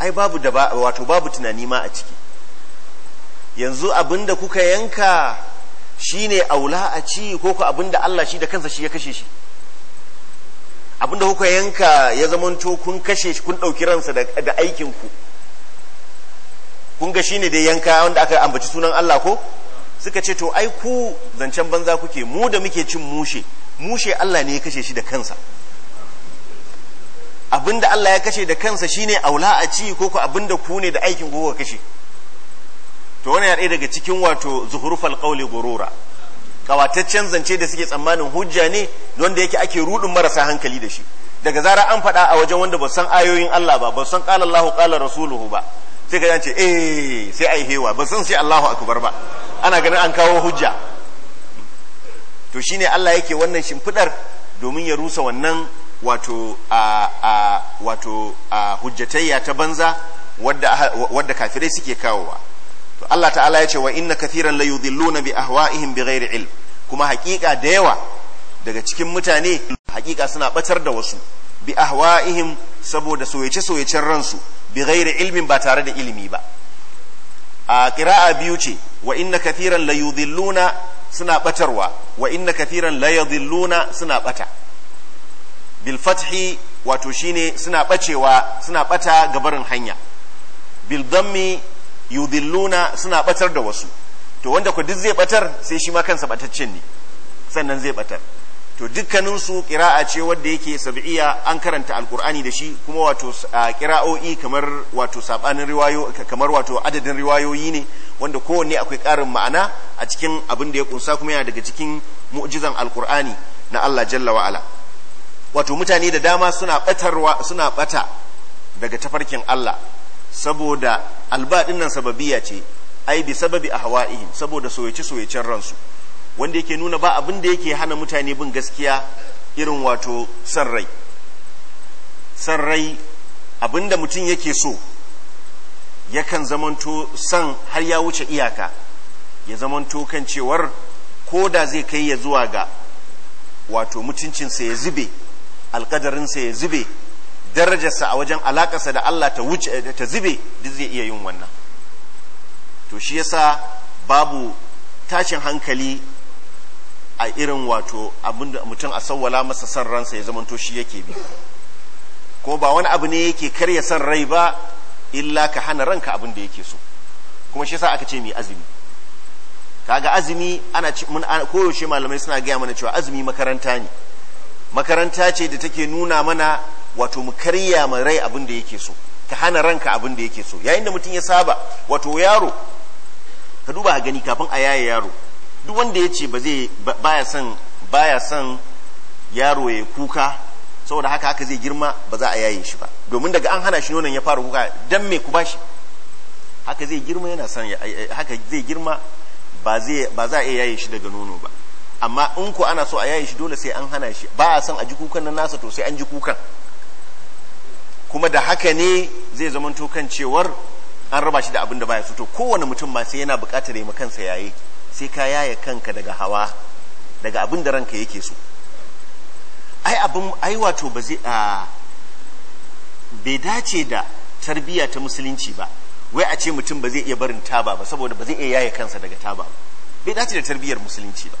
ai babu da wato babu tunani ma a ciki yanzu abinda kuka yanka Shi aula a ci ko ku abinda Allah shi da kansa shi ya kashe shi abinda kuka yanka ya zamanto kun kashe shi kun ɗauki ransa da aikinku. kun ga ne da yanka wanda aka ambaci sunan Allah ko suka ce to ai ku zancen banza kuke mu da muke cin mushe mushe Allah ne ya kashe shi da kansa abinda Allah ya kashe da kansa shi aula a ci ko ku abinda ku ne da aikin ku ka kashe to wani ya daga cikin wato zuhrufal ƙaule gurura ƙawataccen zance da suke tsammanin hujja ne wanda yake ake rudin marasa hankali da shi daga zara an faɗa a wajen wanda ba san ayoyin Allah ba ba san qala Allahu rasuluhu ba sai ka ce eh sai ai hewa ba san sai Allahu akbar ba ana ganin an kawo hujja to shine Allah yake wannan shimfiɗar domin ya rusa wannan wato a a wato a hujjatayya ta banza wadda wadda kafirai suke kawowa Allah ta'ala ya ce wa inna kathiran la yudhilluna bi ahwa'ihim bighairi ilm kuma hakika da yawa daga cikin mutane hakika suna batar da wasu bi ahwa'ihim saboda soyace soyacen ransu bi ghairi ilmin ba tare da ilimi ba a qira'a biyu ce wa inna kathiran la yudhilluna suna batarwa wa inna kathiran la yudhilluna suna bata bil fathi wato shine suna bacewa suna bata gabarin hanya bil yudilluna suna batar da wasu to wanda ku duk zai batar sai shi ma kansa bataccen ne sannan zai batar to dukkanin su qira'a ce wanda yake sab'iyya an karanta alqur'ani da shi kuma wato qira'o'i kamar wato sabanin riwayo kamar wato adadin riwayoyi ne wanda kowanne akwai karin ma'ana a cikin abin da ya kunsa kuma yana daga cikin mu'jizan alqur'ani na Allah jalla wa ala wato mutane da dama suna batarwa suna bata daga tafarkin Allah saboda alba nan sababiya ce ai bi sababi ahwa'ihim saboda soyace soyacen ransu wanda yake nuna ba abin da yake hana mutane bin gaskiya irin wato san rai san rai abin da mutum yake so yakan zamanto san har ya wuce iyaka ya zamanto kan cewar ko da zai kai ya zuwa ga wato mutuncinsa ya zube alkadarinsa ya zube darajarsa a wajen alakarsa da Allah ta wuce eh, ta zube duk zai iya yin wannan to shi yasa babu tashin hankali a irin wato abin da mutum a sawwala masa san ransa ya zamanto shi yake bi ko ba wani abu ne yake karya san rai ba illa ka hana ranka abin da yake so kuma shi yasa aka ce mai azumi kaga azumi ana koyaushe malamai suna gaya mana cewa azumi makaranta ne makaranta ce da take nuna mana wato mu karya ma rai abin da yake so ka hana ranka abin da yake so yayin da mutum ya saba wato yaro ka duba a gani kafin a yaye yaro duk wanda ya ce ba zai baya son baya son yaro ya kuka saboda haka haka zai girma ba za a yaye shi ba domin daga an hana shi nonon ya fara kuka dan me ku bashi haka zai girma yana son eh, eh, haka zai girma ba zai ba za a iya yaye shi daga nono ba amma in ku ana so a yaye shi dole sai an hana shi ba a son a ji kukan na nasa to sai an ji kukan kuma da haka ne zai zamanto kan cewar an raba shi da abin da baya fito kowane mutum ma sai yana bukatar ya kansa yaye sai ka yaye kanka daga hawa daga abin da ranka yake so ai abin ai wato ba zai a bai dace da tarbiyya ta musulunci ba wai a ce mutum ba zai iya barin taba ba saboda ba zai iya yaye kansa daga taba ba bai dace da tarbiyyar musulunci ba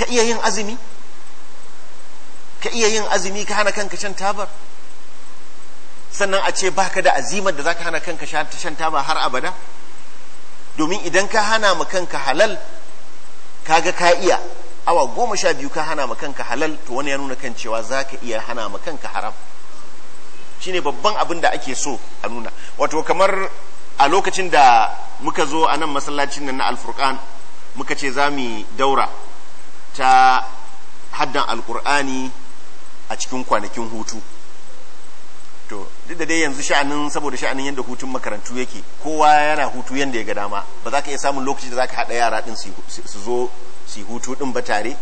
ka iya yin azumi ka iya yin azumi ka hana kanka can tabar sannan a ce baka da azimar da zaka hana kanka shan taba har abada domin idan ka hana ma kanka halal kaga ka iya awa goma sha biyu ka hana ma kanka halal to wani ya nuna kan cewa zaka iya hana ma kanka haram shine babban abin da ake so a nuna wato kamar a lokacin da muka zo a nan masallacin nan na alfurkan muka ce za mu daura ta haddan alkur'ani a cikin kwanakin hutu duk da dai yanzu sha'anin saboda sha'anin yadda hutun makarantu yake kowa yana hutu yadda ya ga dama ba za ka iya samun lokaci da za ka haɗa yara ɗin su zo su hutu ɗin ba tare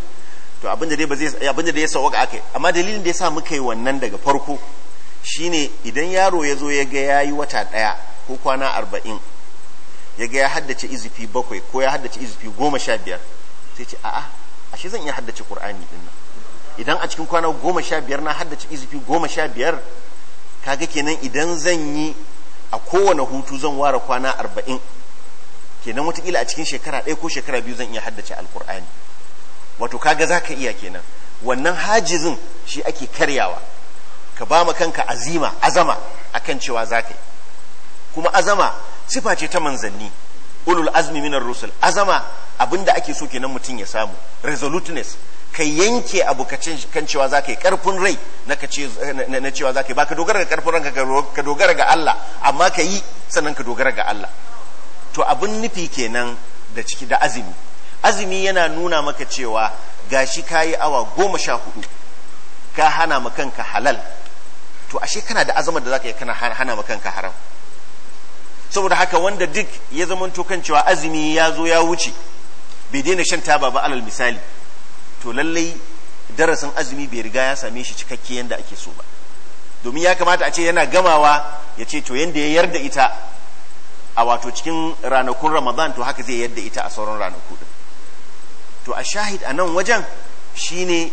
to abin da dai ya zai abin ya sauka aka yi amma dalilin da ya sa muka yi wannan daga farko shine idan yaro ya zo ya ga ya yi wata ɗaya ko kwana arba'in ya ga ya haddace izifi bakwai ko ya haddace izifi goma sha biyar sai ce a'a ashe zan iya haddace ƙur'ani ɗin nan idan a cikin kwana goma sha biyar na haddace izifi goma sha biyar kaga kenan idan zan yi a kowane hutu zan ware kwana arba'in kenan watakila a cikin shekara ɗaya ko shekara biyu zan iya haddace alkur'ani wato kaga za ka iya kenan wannan hajizin shi ake karyawa ka ba ma kanka azima azama akan cewa za ka yi kuma azama sifa ce ta manzanni ulul azmi minar rusul azama abinda ake so kenan mutum ya samu resoluteness ka yanke abu kan cewa za ka yi karfin rai na cewa za ka yi ba ka dogara ga karfin ranka ka dogara ga Allah amma ka yi sannan ka dogara ga Allah to abin nufi kenan da ciki da azumi azumi yana nuna maka cewa gashi ka yi awa goma sha hudu ka hana ma kanka halal to ashe kana da azumar da za ka yi kana hana ma kanka haram saboda haka wanda duk ya zamanto kan cewa azumi ya zo ya wuce bai daina shan taba ba alal misali to lallai darasin azumi bai riga ya same shi cikakke yanda ake so ba domin ya kamata a ce yana gamawa ya ce to yadda ya yarda ita a wato cikin ranakun ramadan to haka zai yarda ita a sauran ranaku din to a shahid a nan wajen shine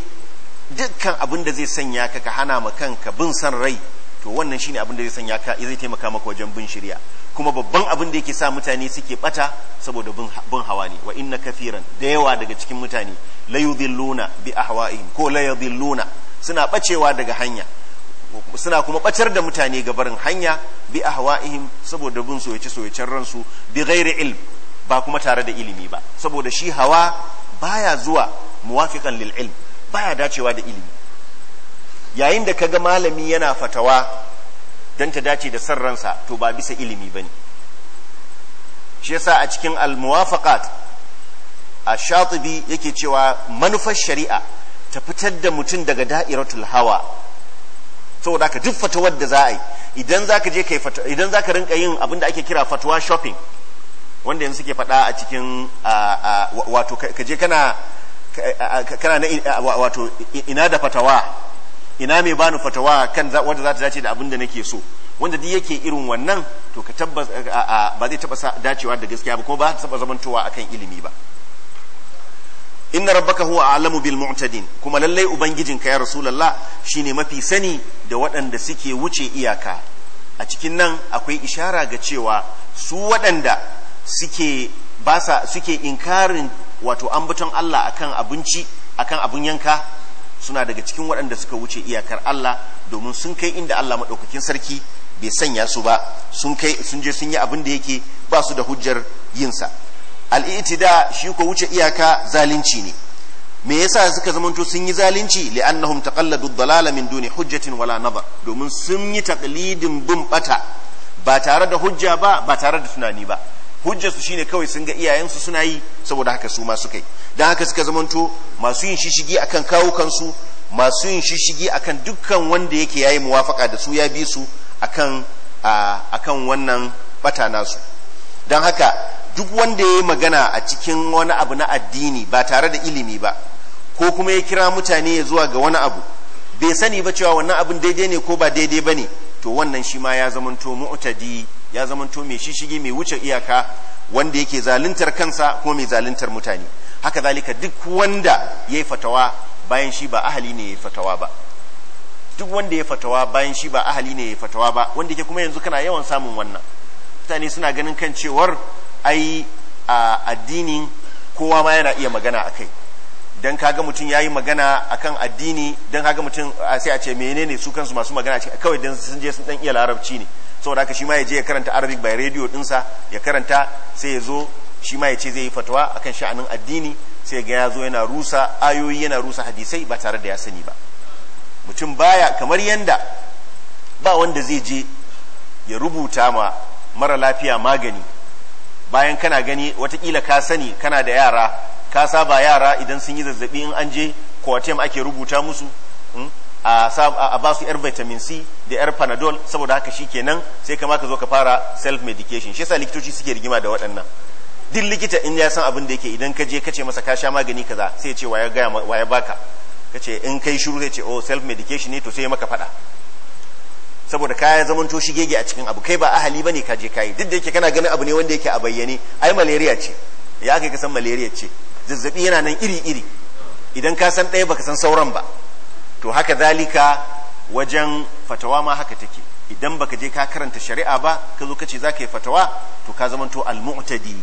dukkan abin da zai sanya ka ka hana ma kanka bin san rai to wannan shine abin da zai sanya ka zai taimaka maka wajen bin shirya kuma babban abin da yake sa mutane suke bata saboda bin hawa ne wa inna kafiran da yawa daga cikin mutane la yudhilluna bi ahwa'ihim ko la yudhilluna suna bacewa daga hanya suna kuma bacar da mutane ga barin hanya bi ahwa'ihim saboda bin soyace soyacen ransu bi ghairi ilm ba kuma tare da ilimi ba saboda shi hawa baya zuwa muwafiqan lil ilm baya dacewa da ilimi yayin da kaga malami yana fatawa don ta dace da san ransa to ba bisa ilimi bane shi yasa a cikin al-muwafaqat ash-shatibi yake cewa manufar shari'a ta fitar da mutum daga da'iratul hawa saboda ka duk fatawar da za a yi idan zaka je kai idan zaka rinka yin abin da ake kira fatawa shopping wanda yanzu suke faɗa a cikin wato kaje kana kana wato ina da fatawa ina mai bani fatawa kan wanda za ta dace da abin da nake so wanda duk yake irin wannan to ka tabbas ba zai taba dacewa da gaskiya ba kuma ba ta taba zamantowa akan ilimi ba inna rabbaka huwa a'lamu bil mu'tadin kuma lallai ubangijinka ya rasulullah shine mafi sani da waɗanda suke wuce iyaka a cikin nan akwai ishara ga cewa su waɗanda suke basa suke inkarin wato ambaton Allah akan abinci akan abun yanka suna daga cikin waɗanda suka wuce iyakar Allah domin sun kai inda Allah maɗaukakin sarki bai sanya su ba sun kai sun je sun yi abin da yake ba su da hujjar yinsa al'itida shi ko wuce iyaka zalunci ne me yasa suka zamanto sun yi zalunci li'annahum taqalladu dhalala min duni hujjatin wala nadar domin sun yi taqlidin bin bata ba tare da hujja ba ba tare da tunani ba hujjar su shine kawai sun ga iyayensu suna yi saboda haka su ma suka yi dan haka suka zamanto masu yin shishigi akan kawo kansu masu yin shishigi akan dukkan wanda yake yayi muwafaka da su ya bi su akan akan wannan bata nasu dan haka duk wanda yayi magana a cikin wani abu na addini ba tare da ilimi ba ko kuma ya kira mutane ya zuwa ga wani abu bai sani ba cewa wannan abin daidai ne ko ba daidai bane to wannan shi ma ya zamanto mu'tadi ya zama to mai shishigi mai wuce iyaka wanda yake zaluntar kansa ko mai zaluntar mutane haka zalika duk wanda ya yi fatawa bayan shi ba ahali ne ya yi fatawa ba duk wanda ya yi fatawa bayan shi ba ahali ne ya yi fatawa ba wanda yake kuma yanzu kana yawan samun wannan mutane suna ganin kan cewar ai a addinin kowa ma yana iya magana a akai dan kaga mutum ya yi magana akan addini dan kaga mutum sai a ce menene su kansu masu magana a kawai dan sun je sun dan iya larabci ne saboda haka shi ma ya je ya karanta arabic by radio dinsa ya karanta sai ya zo shi ma ya ce zai yi fatawa akan sha'anin addini sai ga ya zo yana rusa ayoyi yana rusa hadisai ba tare da ya sani ba mutum baya kamar yanda ba wanda zai je ya rubuta ma mara lafiya magani bayan kana gani watakila ka sani kana da yara ka saba yara idan sun yi zazzabi in an je kwatem ake rubuta musu a ba su yar vitamin c da yar panadol saboda haka shi kenan sai kama ka zo ka fara self medication shi yasa likitoci suke rigima da waɗannan duk likita in ya san abin da yake idan ka je ka ce masa ka sha magani kaza sai ce waya gaya waya baka ka ce in kai shuru zai ce oh self medication ne to sai maka fada saboda kaya zamanto shigege a cikin abu kai ba ahali bane ka je kai duk da yake kana ganin abu ne wanda yake a bayyane ai malaria ce ya kai ka san malaria ce zazzabi yana nan iri iri idan ka san ɗaya baka san sauran ba to haka zalika wajen fatawa ma haka take idan baka je ka karanta shari'a ba ka zo ka ce za yi fatawa to ka zamanto al-mu'tadi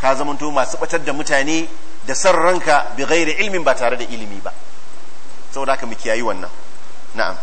ka zamanto masu batar da mutane da san ranka bi ghairi ilmin ba tare da ilimi ba saboda haka mu kiyayi wannan na'am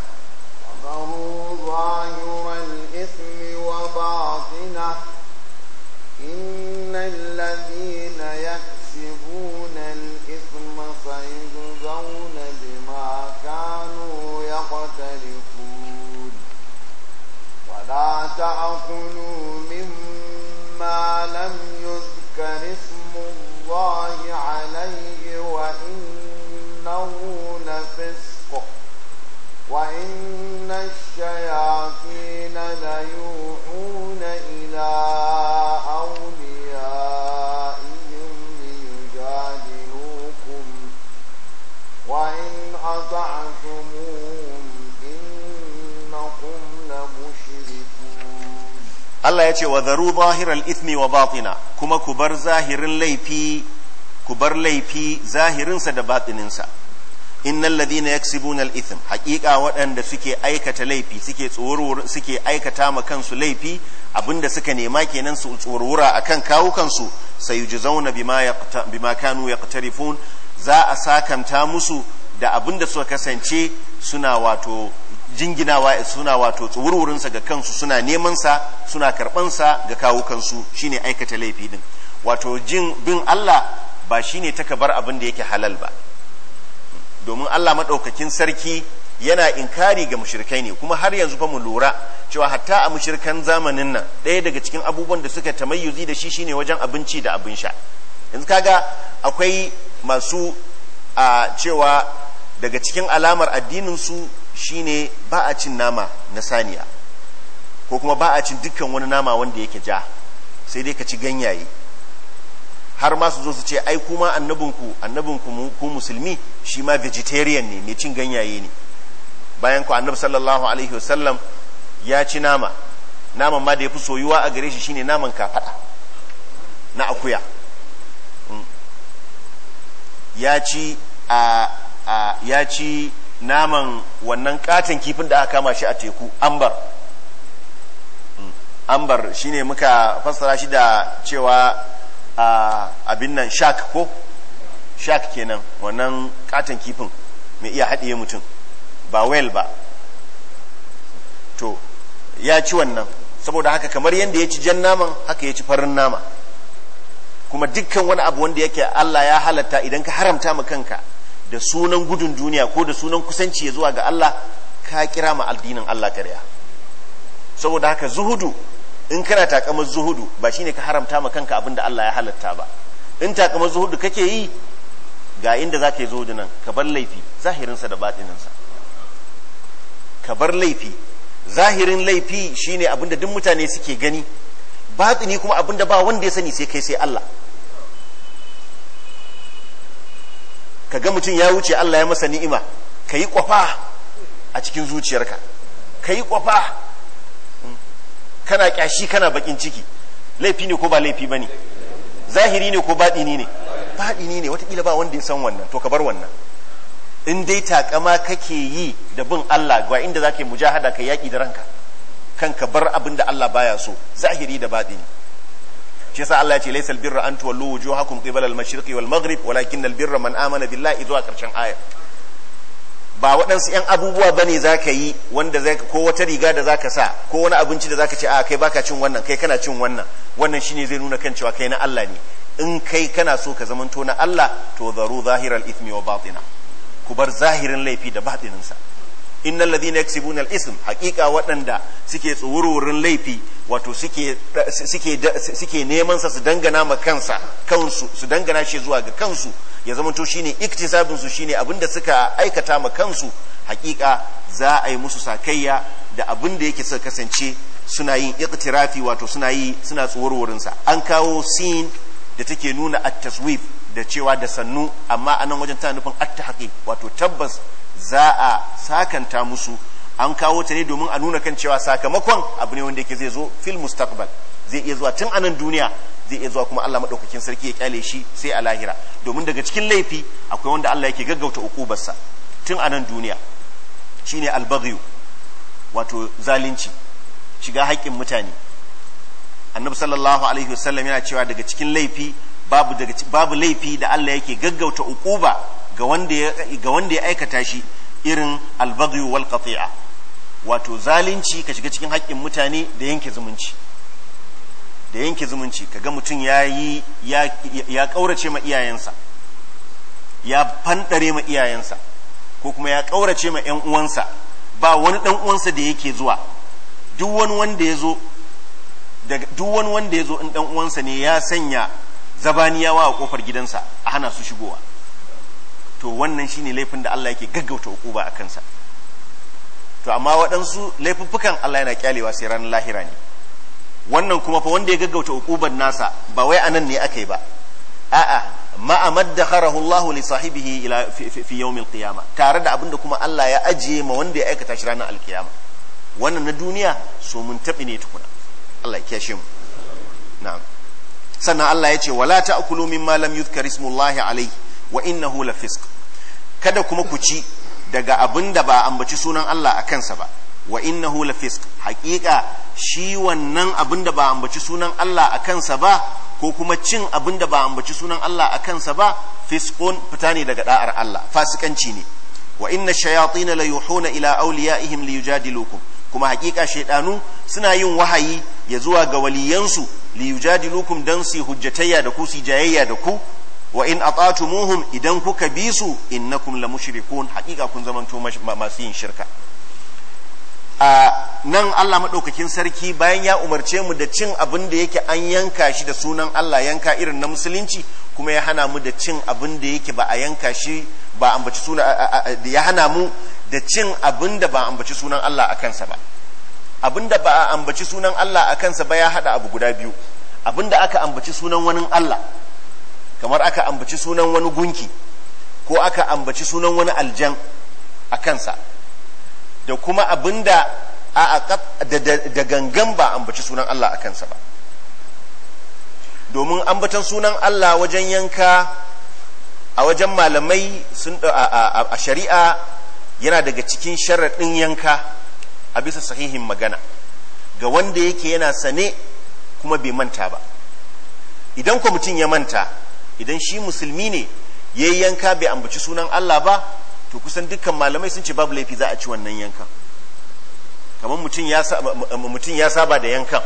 wa zaru zahiral ithmi wa batina kuma ku bar zahirin laifi ku bar laifi zahirinsa da batininsa innal ladina yaksibuna al ithm haqiqa waɗanda suke aikata laifi suke tsororo suke aikata ma kansu laifi abinda suka nema kenan su tsorora akan kawo kansu sayujzauna bima yaqta bima kanu yaqtarifun za a sakanta musu da abinda suka kasance suna wato jinginawa suna wato tsururinsa ga kansu suna neman sa suna karɓansa ga kawukansu shine aikata laifi din wato jin bin Allah ba shine ta kabar abin da yake halal ba domin Allah maɗaukakin sarki yana inkari ga mushrikai ne kuma har yanzu fa mu lura cewa hatta a mushrikan zamanin nan ɗaya daga cikin abubuwan da suka tamayyuzi da shi shine wajen abinci da abin sha yanzu kaga akwai masu a cewa daga cikin alamar addinin su shine ba a cin nama na saniya ko kuma ba a cin dukkan wani nama wanda yake ja sai dai ka ci ganyaye har ma su zo su ce ai kuma annabinku annabinku ku musulmi shi ma vegetarian ne mai cin ganyaye ne bayan ku annabi sallallahu alaihi wasallam ya ci nama naman ma da ya fi soyuwa a gare shi shine naman kafada na akuya mm. ya ci ya ci naman wannan katon kifin da aka kama shi a teku ambar ambar shine muka fassara shi da cewa abin nan shak ko shak kenan wannan katon kifin mai iya haɗiye mutum ba wel ba to ya ci wannan saboda haka kamar yadda ya ci jan naman haka ya ci farin nama kuma dukkan wani abu wanda yake Allah ya halatta idan ka haramta ma kanka da sunan gudun duniya ko da sunan kusanci ya zuwa ga Allah ka kira ma addinin Allah karya saboda haka zuhudu in kana takamar zuhudu ba shine ka haramta ma kanka abin da Allah ya halatta ba in takamar zuhudu kake yi ga inda za ka yi zuhudu nan ka bar laifi zahirinsa da batininsa ka bar laifi zahirin laifi shine abin da duk mutane suke gani batini kuma abin da ba wanda ya sani sai kai sai Allah ka ga mutum ya wuce Allah ya masa ni'ima ka yi kwafa a cikin zuciyarka ka yi kwafa kana kyashi kana bakin ciki laifi ne ko ba laifi bane zahiri ne ko baɗini ne baɗini ne watakila ba wanda ya san wannan to ka bar wannan in dai takama kake yi da bin Allah ga inda zaka yi mujahada ka yaki da ranka kan ka bar abin da Allah baya so zahiri da baɗini shi yasa Allah ya ce laysal birra an tuwallu wujuhakum qibala al-mashriqi wal maghrib walakin al-birra man amana billahi zuwa karshen ayat ba waɗansu 'yan abubuwa ba ne za ka yi wanda zai ko wata riga da za ka sa ko wani abinci da za ka ce a kai baka cin wannan kai kana cin wannan wannan shine zai nuna kan cewa kai na Allah ne in kai kana so ka zamanto na Allah to zaru zahiral ithmi wa batina ku bar zahirin laifi da batininsa innal ladhina yaksubuna al-ism haqiqa waɗanda suke tsuwururin laifi wato suke suke suke neman sa su dangana ma kansa kansu su dangana shi zuwa ga kansu ya zama to shine iktisabin su shine abinda suka aikata ma kansu hakika za a yi musu sakayya da abinda yake suka kasance suna yin iktirafi wato suna yi suna tsuwarwarin an kawo sin da take nuna at-taswif da cewa da sannu amma anan wajen tana nufin at-tahqiq wato tabbas za a sakanta musu an kawo ta ne domin a nuna kan cewa sakamakon abu ne wanda yake zai zo fil mustaqbal zai iya zuwa tun anan duniya zai iya zuwa kuma Allah madaukakin sarki ya kyale shi sai a lahira domin daga cikin laifi akwai wanda Allah yake gaggauta ukubarsa tun a nan duniya shine albaghyu wato zalunci shiga haƙƙin mutane annabi sallallahu alaihi wasallam yana cewa daga cikin laifi babu daga babu laifi da Allah yake gaggauta ukuba ga wanda ya ga wanda ya aikata shi irin albaghyu wal qati'a wato zalunci ka shiga cikin haƙƙin mutane da yanke zumunci da yanke zumunci ka ga mutum ya yi ya ƙaurace ma iyayensa ya fanɗare ma iyayensa ko kuma ya ƙaurace ma 'yan uwansa ba wani ɗan uwansa da yake zuwa duk wani wanda ya zo in ɗan uwansa ne ya sanya zabaniyawa a ƙofar gidansa a hana su shigowa to wannan shi ne laifin da Allah yake gaggauta ba a kansa to amma waɗansu laifuffukan Allah yana kyalewa sai ranar lahira ne wannan kuma fa wanda ya gaggauta uquban nasa ba wai anan ne akai ba a'a ma amaddakarahu Allah li sahibihi ila fi yawm qiyamah tare da abinda kuma Allah ya ajiye ma wanda ya aikata shi ranar alkiyama wannan na duniya so mun tabi ne tukuna Allah ya kiyashe mu na'am sannan Allah ya ce wala ta'kulu mimma lam yuzkar ismullahi alayhi wa innahu lafisq kada kuma ku ci daga abinda ba ambaci sunan Allah a kansa ba wa innahu lafisq haƙiƙa shi wannan abin da ba ambaci sunan Allah a kansa ba ko kuma cin abin da ba ambaci sunan Allah a kansa ba fisqun fita ne daga da'ar Allah fasikanci ne wa inna shayatin la yuhuna ila awliyaihim liyujadilukum kuma haƙiƙa shaydanu suna yin wahayi ya zuwa ga waliyansu liyujadilukum dan su hujjatayya da ku su jayayya da ku wa in ata'tumuhum idan kuka bi su innakum lamushrikun haƙiƙa kun zamanto masu yin shirka nan Allah maɗaukakin sarki bayan ya umarce mu da cin abin da yake an yanka shi da sunan Allah yanka irin na musulunci kuma ya hana mu da cin abin da yake ba a yanka shi ba ambaci suna ya hana mu da cin abin da ba ambaci sunan Allah a kansa ba abin da ba a ambaci sunan Allah a kansa ba ya haɗa abu guda biyu abin da aka ambaci sunan wani Allah kamar aka ambaci sunan wani gunki ko aka ambaci sunan wani aljan a kansa da kuma abinda a da gangan ba ambaci sunan Allah a kansa ba domin ambatan sunan Allah wajen yanka a wajen malamai sun a shari'a yana daga cikin sharaɗin yanka a bisa sahihin magana ga wanda yake yana sane kuma bai manta ba idan kwamitin ya manta idan shi musulmi ne ya yanka bai ambaci sunan Allah ba to kusan dukkan malamai sun ce babu laifi za a ci wannan yankan kamar mutum ya saba da yankan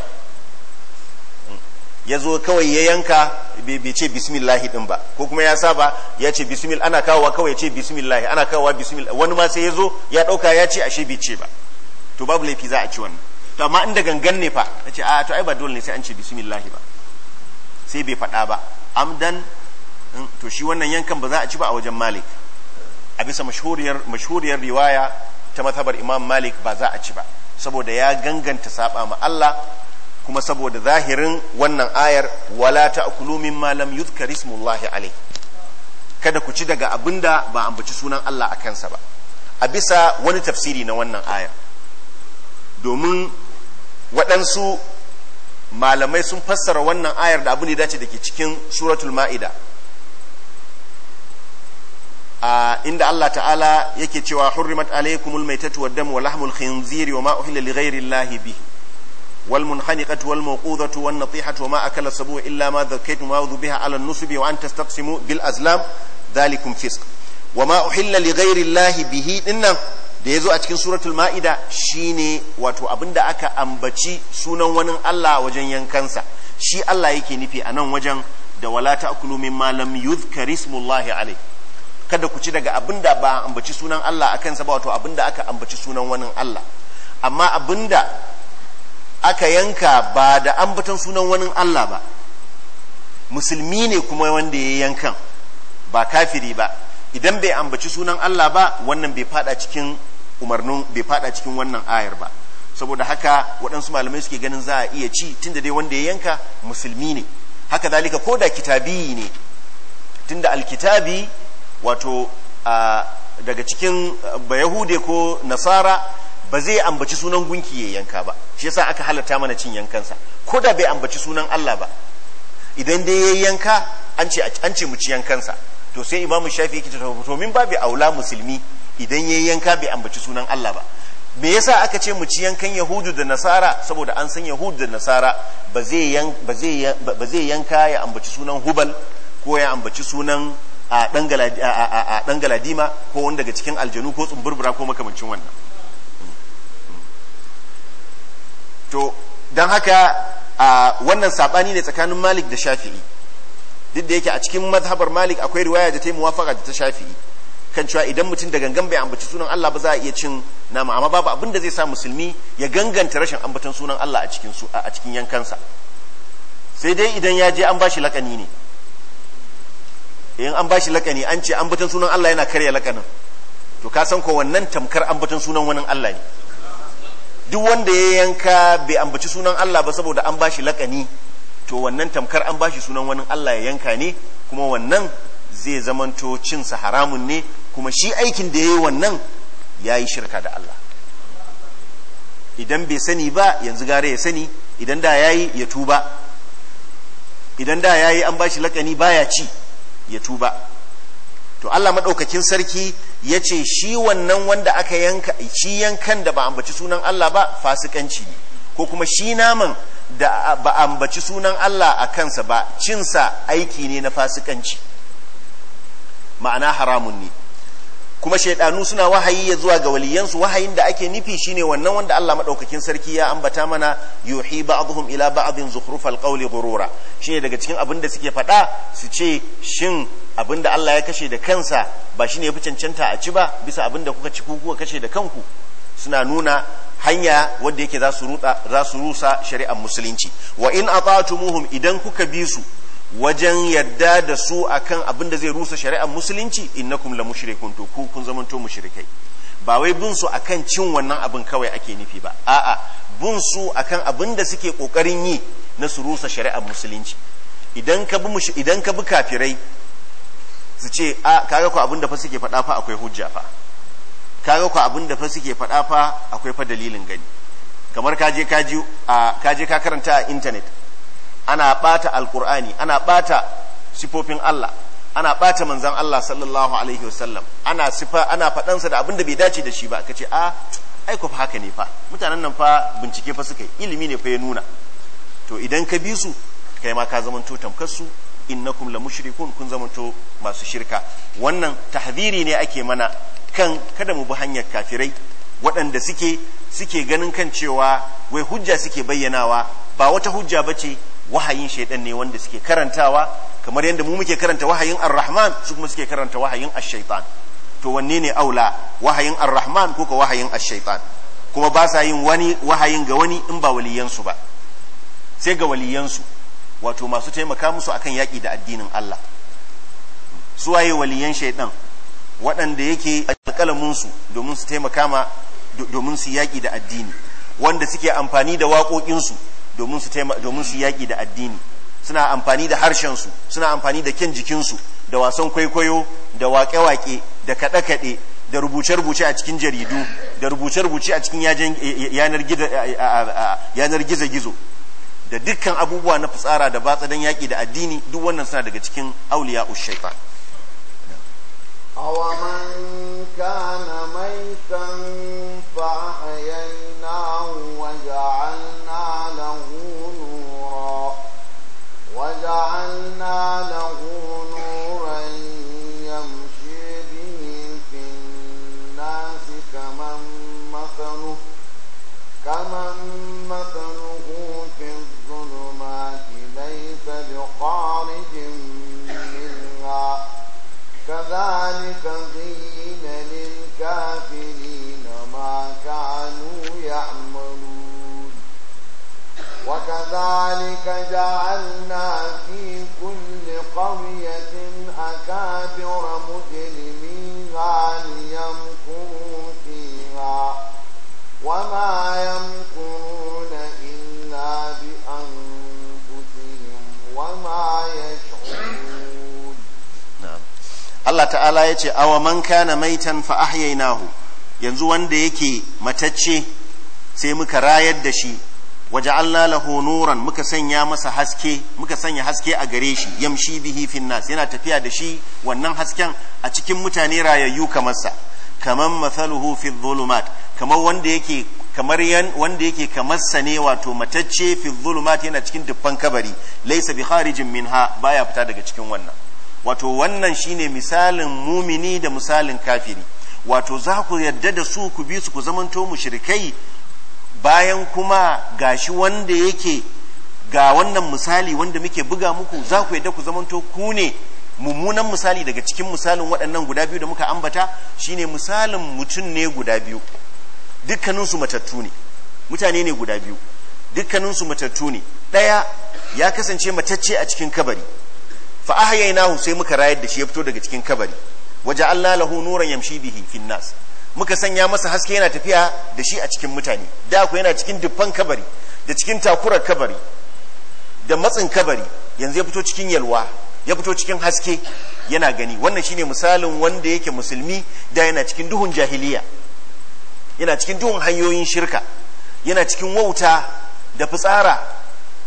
ya zo kawai ya yanka bai ce bismillahi din ba ko kuma ya saba ya ce bismil ana kawowa kawai ya ce bismillahi ana kawowa bismil wani ma sai ya zo ya dauka ya ce ashe bai ce ba to babu laifi za a ci wannan to amma inda gangan ne fa ce a ah, to ai ba dole ne sai an ce bismillahi ba sai bai faɗa ba amdan to shi wannan yankan ba za a ci ba a wajen malik a bisa mashuriyar riwaya ta matabar imam malik ba za a ci ba saboda ya ganganta saba ma Allah kuma saboda zahirin wannan ayar wala ta'kulu min malam yuzkar ismullahi alai kada ku ci daga abinda ba ambaci sunan Allah a kansa ba a bisa wani tafsiri na wannan ayar domin waɗansu malamai sun fassara wannan ayar da abin da dace da ke cikin suratul ma'ida inda Allah ta'ala yake cewa hurrimat alaikumul maytatu wad damu wal lahmul khinziri wa ma uhilla li ghayri llahi bihi والمنخنقة والموقوذة والنطيحة وما أكل السبوع إلا ما ذكيتم ما بها على النسب وأن تستقسموا بالأزلام ذلكم فسق وما أحل لغير الله به إن da ya zo a cikin suratul ma'ida shine wato abinda aka ambaci sunan wani Allah wajen yankansa shi Allah yake nufi anan wajen da wala ta'kulu mimma lam yuzkar ismullahi alayhi kada ku ci daga da ba ambaci sunan Allah a kansa ba wato abinda aka ambaci sunan wani Allah amma abinda aka yanka ba da ambatan sunan wani Allah ba musulmi ne kuma wanda ya yanka ba kafiri ba idan bai ambaci sunan Allah ba wannan bai fada cikin umarnin bai fada cikin wannan ayar ba saboda haka waɗansu malamai suke ganin za a iya ci tunda dai wanda ya yanka musulmi ne haka zalika ko da kitabi ne tunda alkitabi wato daga cikin ba yahude ko nasara ba zai ambaci sunan gunki ya yanka ba shi yasa aka halatta mana cin yankansa ko da bai ambaci sunan Allah ba idan dai ya yanka an ce an ce mu ci yankansa to sai imamu shafi yake to min babu aula musulmi idan ya yanka bai ambaci sunan Allah ba me yasa aka ce mu ci yankan yahudu da nasara saboda an san yahudu da nasara ba zai yanka ya ambaci sunan hubal ko ya ambaci sunan a ɗan galadima ko wani daga cikin aljanu ko tsumburbura ko makamancin wannan to don haka wannan saɓani ne tsakanin malik da shafi'i duk da yake a cikin mazhabar malik akwai riwaya da ta yi muwafaka da ta shafi'i kan cewa idan mutum da gangan bai ambaci sunan Allah ba za a iya cin nama amma babu abin da zai sa musulmi ya ganganta rashin ambaton sunan Allah a cikin a cikin yankansa sai dai idan ya je an bashi lakani ne in an bashi lakani an ce an batun sunan Allah yana karya lakanin to ka san ko wannan tamkar an sunan wani Allah ne duk wanda ya yanka bai ambaci sunan Allah ba saboda an bashi lakani to wannan tamkar an bashi sunan wani Allah ya yanka ne kuma wannan zai zamanto cinsa haramun ne kuma shi aikin da ya yi wannan ya yi shirka da Allah idan bai sani ba yanzu gare ya sani idan da ya yi ya tuba idan da ya yi an bashi lakani baya ci ya tuba to Allah madaukakin sarki ya ce shi wannan wanda aka yanka shi yankan da ba ambaci sunan Allah ba fasikanci ne ko kuma shi naman da ba ambaci sunan Allah a kansa ba cinsa aiki ne na fasikanci ma'ana haramun ne kuma shaidanu suna wahayi ya zuwa ga waliyansu wahayin da ake nufi shine wannan wanda Allah madaukakin sarki ya ambata mana yuhi ba'dhum ila ba'dhin zukhrufal qawli ghurura shine daga cikin abin da suke faɗa su ce shin abinda Allah ya kashe da kansa ba shine yafi cancanta a ci ba bisa abinda kuka ci ku kuka kashe da kanku suna nuna hanya wanda yake za su rusa shari'ar musulunci wa in ata'tumuhum idan kuka bi su wajen yadda da su akan abin da zai rusa shari'ar musulunci innakum la mushrikun to ku kun zamanto mushrikai ba wai bin su akan cin wannan abin kawai ake nufi ba a'a bin su akan abin da suke kokarin yi na su rusa shari'ar musulunci idan ka bi idan ka bi kafirai su ce a kaga ku abin da fa suke faɗa fa akwai hujja fa kaga ku abin da fa suke faɗa fa akwai fa dalilin gani kamar kaje kaji a kaje ka karanta a internet ana ɓata alkur'ani ana ɓata sifofin Allah ana ɓata manzan Allah sallallahu alaihi wasallam ana sifa ana faɗansa da abin da bai dace da shi ba kace a ah, ai ku haka ne fa mutanen nan fa bincike fa suka yi ilimi ne fa ya nuna to idan ka bi su kai ma ka zamanto tamkar su innakum la mushrikun kun zamanto masu shirka wannan tahdhiri ne ake mana kan kada mu bi hanyar kafirai waɗanda suke suke ganin kan cewa wai hujja suke bayyanawa ba wata hujja bace wahayin shaidan ne wanda suke karantawa kamar yadda mu muke karanta wahayin ar-rahman su kuma suke karanta wahayin ash-shaytan to wanne ne aula wahayin ar-rahman ko ka wahayin ash-shaytan kuma ba sa yin wani wahayin ga wani in ba waliyansu ba sai ga waliyansu wato masu taimaka musu akan yaƙi da addinin Allah su waye waliyan shaidan waɗanda yake alƙalaminsu domin su taimaka ma domin su yaƙi da addini wanda suke amfani da waƙoƙinsu domin su domin su yaki da addini suna amfani da harshen su suna amfani da kyan jikinsu da wasan kwaikwayo da waƙe-waƙe da kaɗe-kaɗe da rubuce-rubuce a cikin jaridu da rubuce-rubuce a cikin yanar gizo-gizo da dukkan abubuwa na fitsara da batsa don yaƙi da addini duk wannan suna daga cikin auliya ushaitan awaman kana maitan fa. وجعلنا له نورا وجعلنا له نورا يمشي به في الناس كمن مثله كمن مثله في الظلمات ليس بخارج منها كذلك زين للكافرين ما كانوا يعملون وكذلك جعلنا في كل قرية أكابر مجرميها ليمكروا فيها وما يمكرون إلا بأنفسهم وما يشعرون نعم الله تعالى يتي أو من كان ميتا فأحييناه ينزو وان ديكي متتشي سيمك رايد دشي waja'alna lahu nuran muka sanya masa haske muka sanya haske a gare shi yamshi bihi fin nas yana tafiya da shi wannan hasken a cikin mutane rayayyu kamar sa kaman mathaluhu fi dhulumat kamar wanda yake kamar yan wanda yake kamar sa ne wato matacce fi dhulumat yana cikin dubban kabari laysa bi kharijin minha baya fita daga cikin wannan wato wannan shine misalin mumini da misalin kafiri wato za ku yarda da su ku bi su ku zamanto mushrikai bayan kuma gashi wanda yake ga wannan misali wanda muke buga muku za ku yadda ku zamanto ku ne mummunan misali daga cikin misalin waɗannan guda biyu da muka ambata shine misalin mutum ne guda biyu dukkaninsu matattu ne mutane ne guda biyu dukkaninsu matattu ne ɗaya ya kasance matacce a cikin kabari fa ahyaynahu sai muka rayar da shi ya fito daga cikin kabari waje Allah lahu nuran yamshi bihi fin muka sanya masa haske yana tafiya da shi a cikin mutane da ku yana cikin dubban kabari da cikin takurar kabari da matsin kabari yanzu ya fito cikin yalwa ya fito cikin haske yana gani wannan shine misalin wanda yake musulmi da yana cikin duhun jahiliya yana cikin duhun hanyoyin shirka yana cikin wauta da fitsara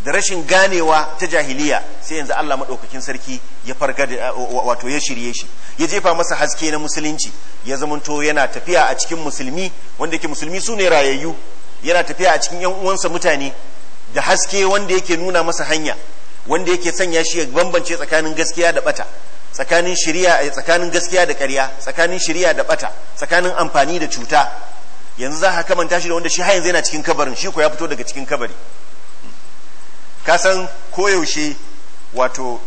da rashin ganewa ta jahiliya sai yanzu Allah maɗaukakin sarki ya farga wato ya shirye shi ya jefa masa haske na musulunci ya zamanto yana tafiya a cikin musulmi wanda yake musulmi su ne rayayyu yana tafiya a cikin 'yan uwansa mutane da haske wanda yake nuna masa hanya wanda yake sanya shi ya bambance tsakanin gaskiya da bata tsakanin shari'a eh, tsakanin gaskiya da ƙarya tsakanin shari'a da bata tsakanin amfani da cuta yanzu za ka kamanta shi da wanda shi har yanzu yana cikin kabarin shi ko ya fito daga cikin kabari kasan koyaushe wato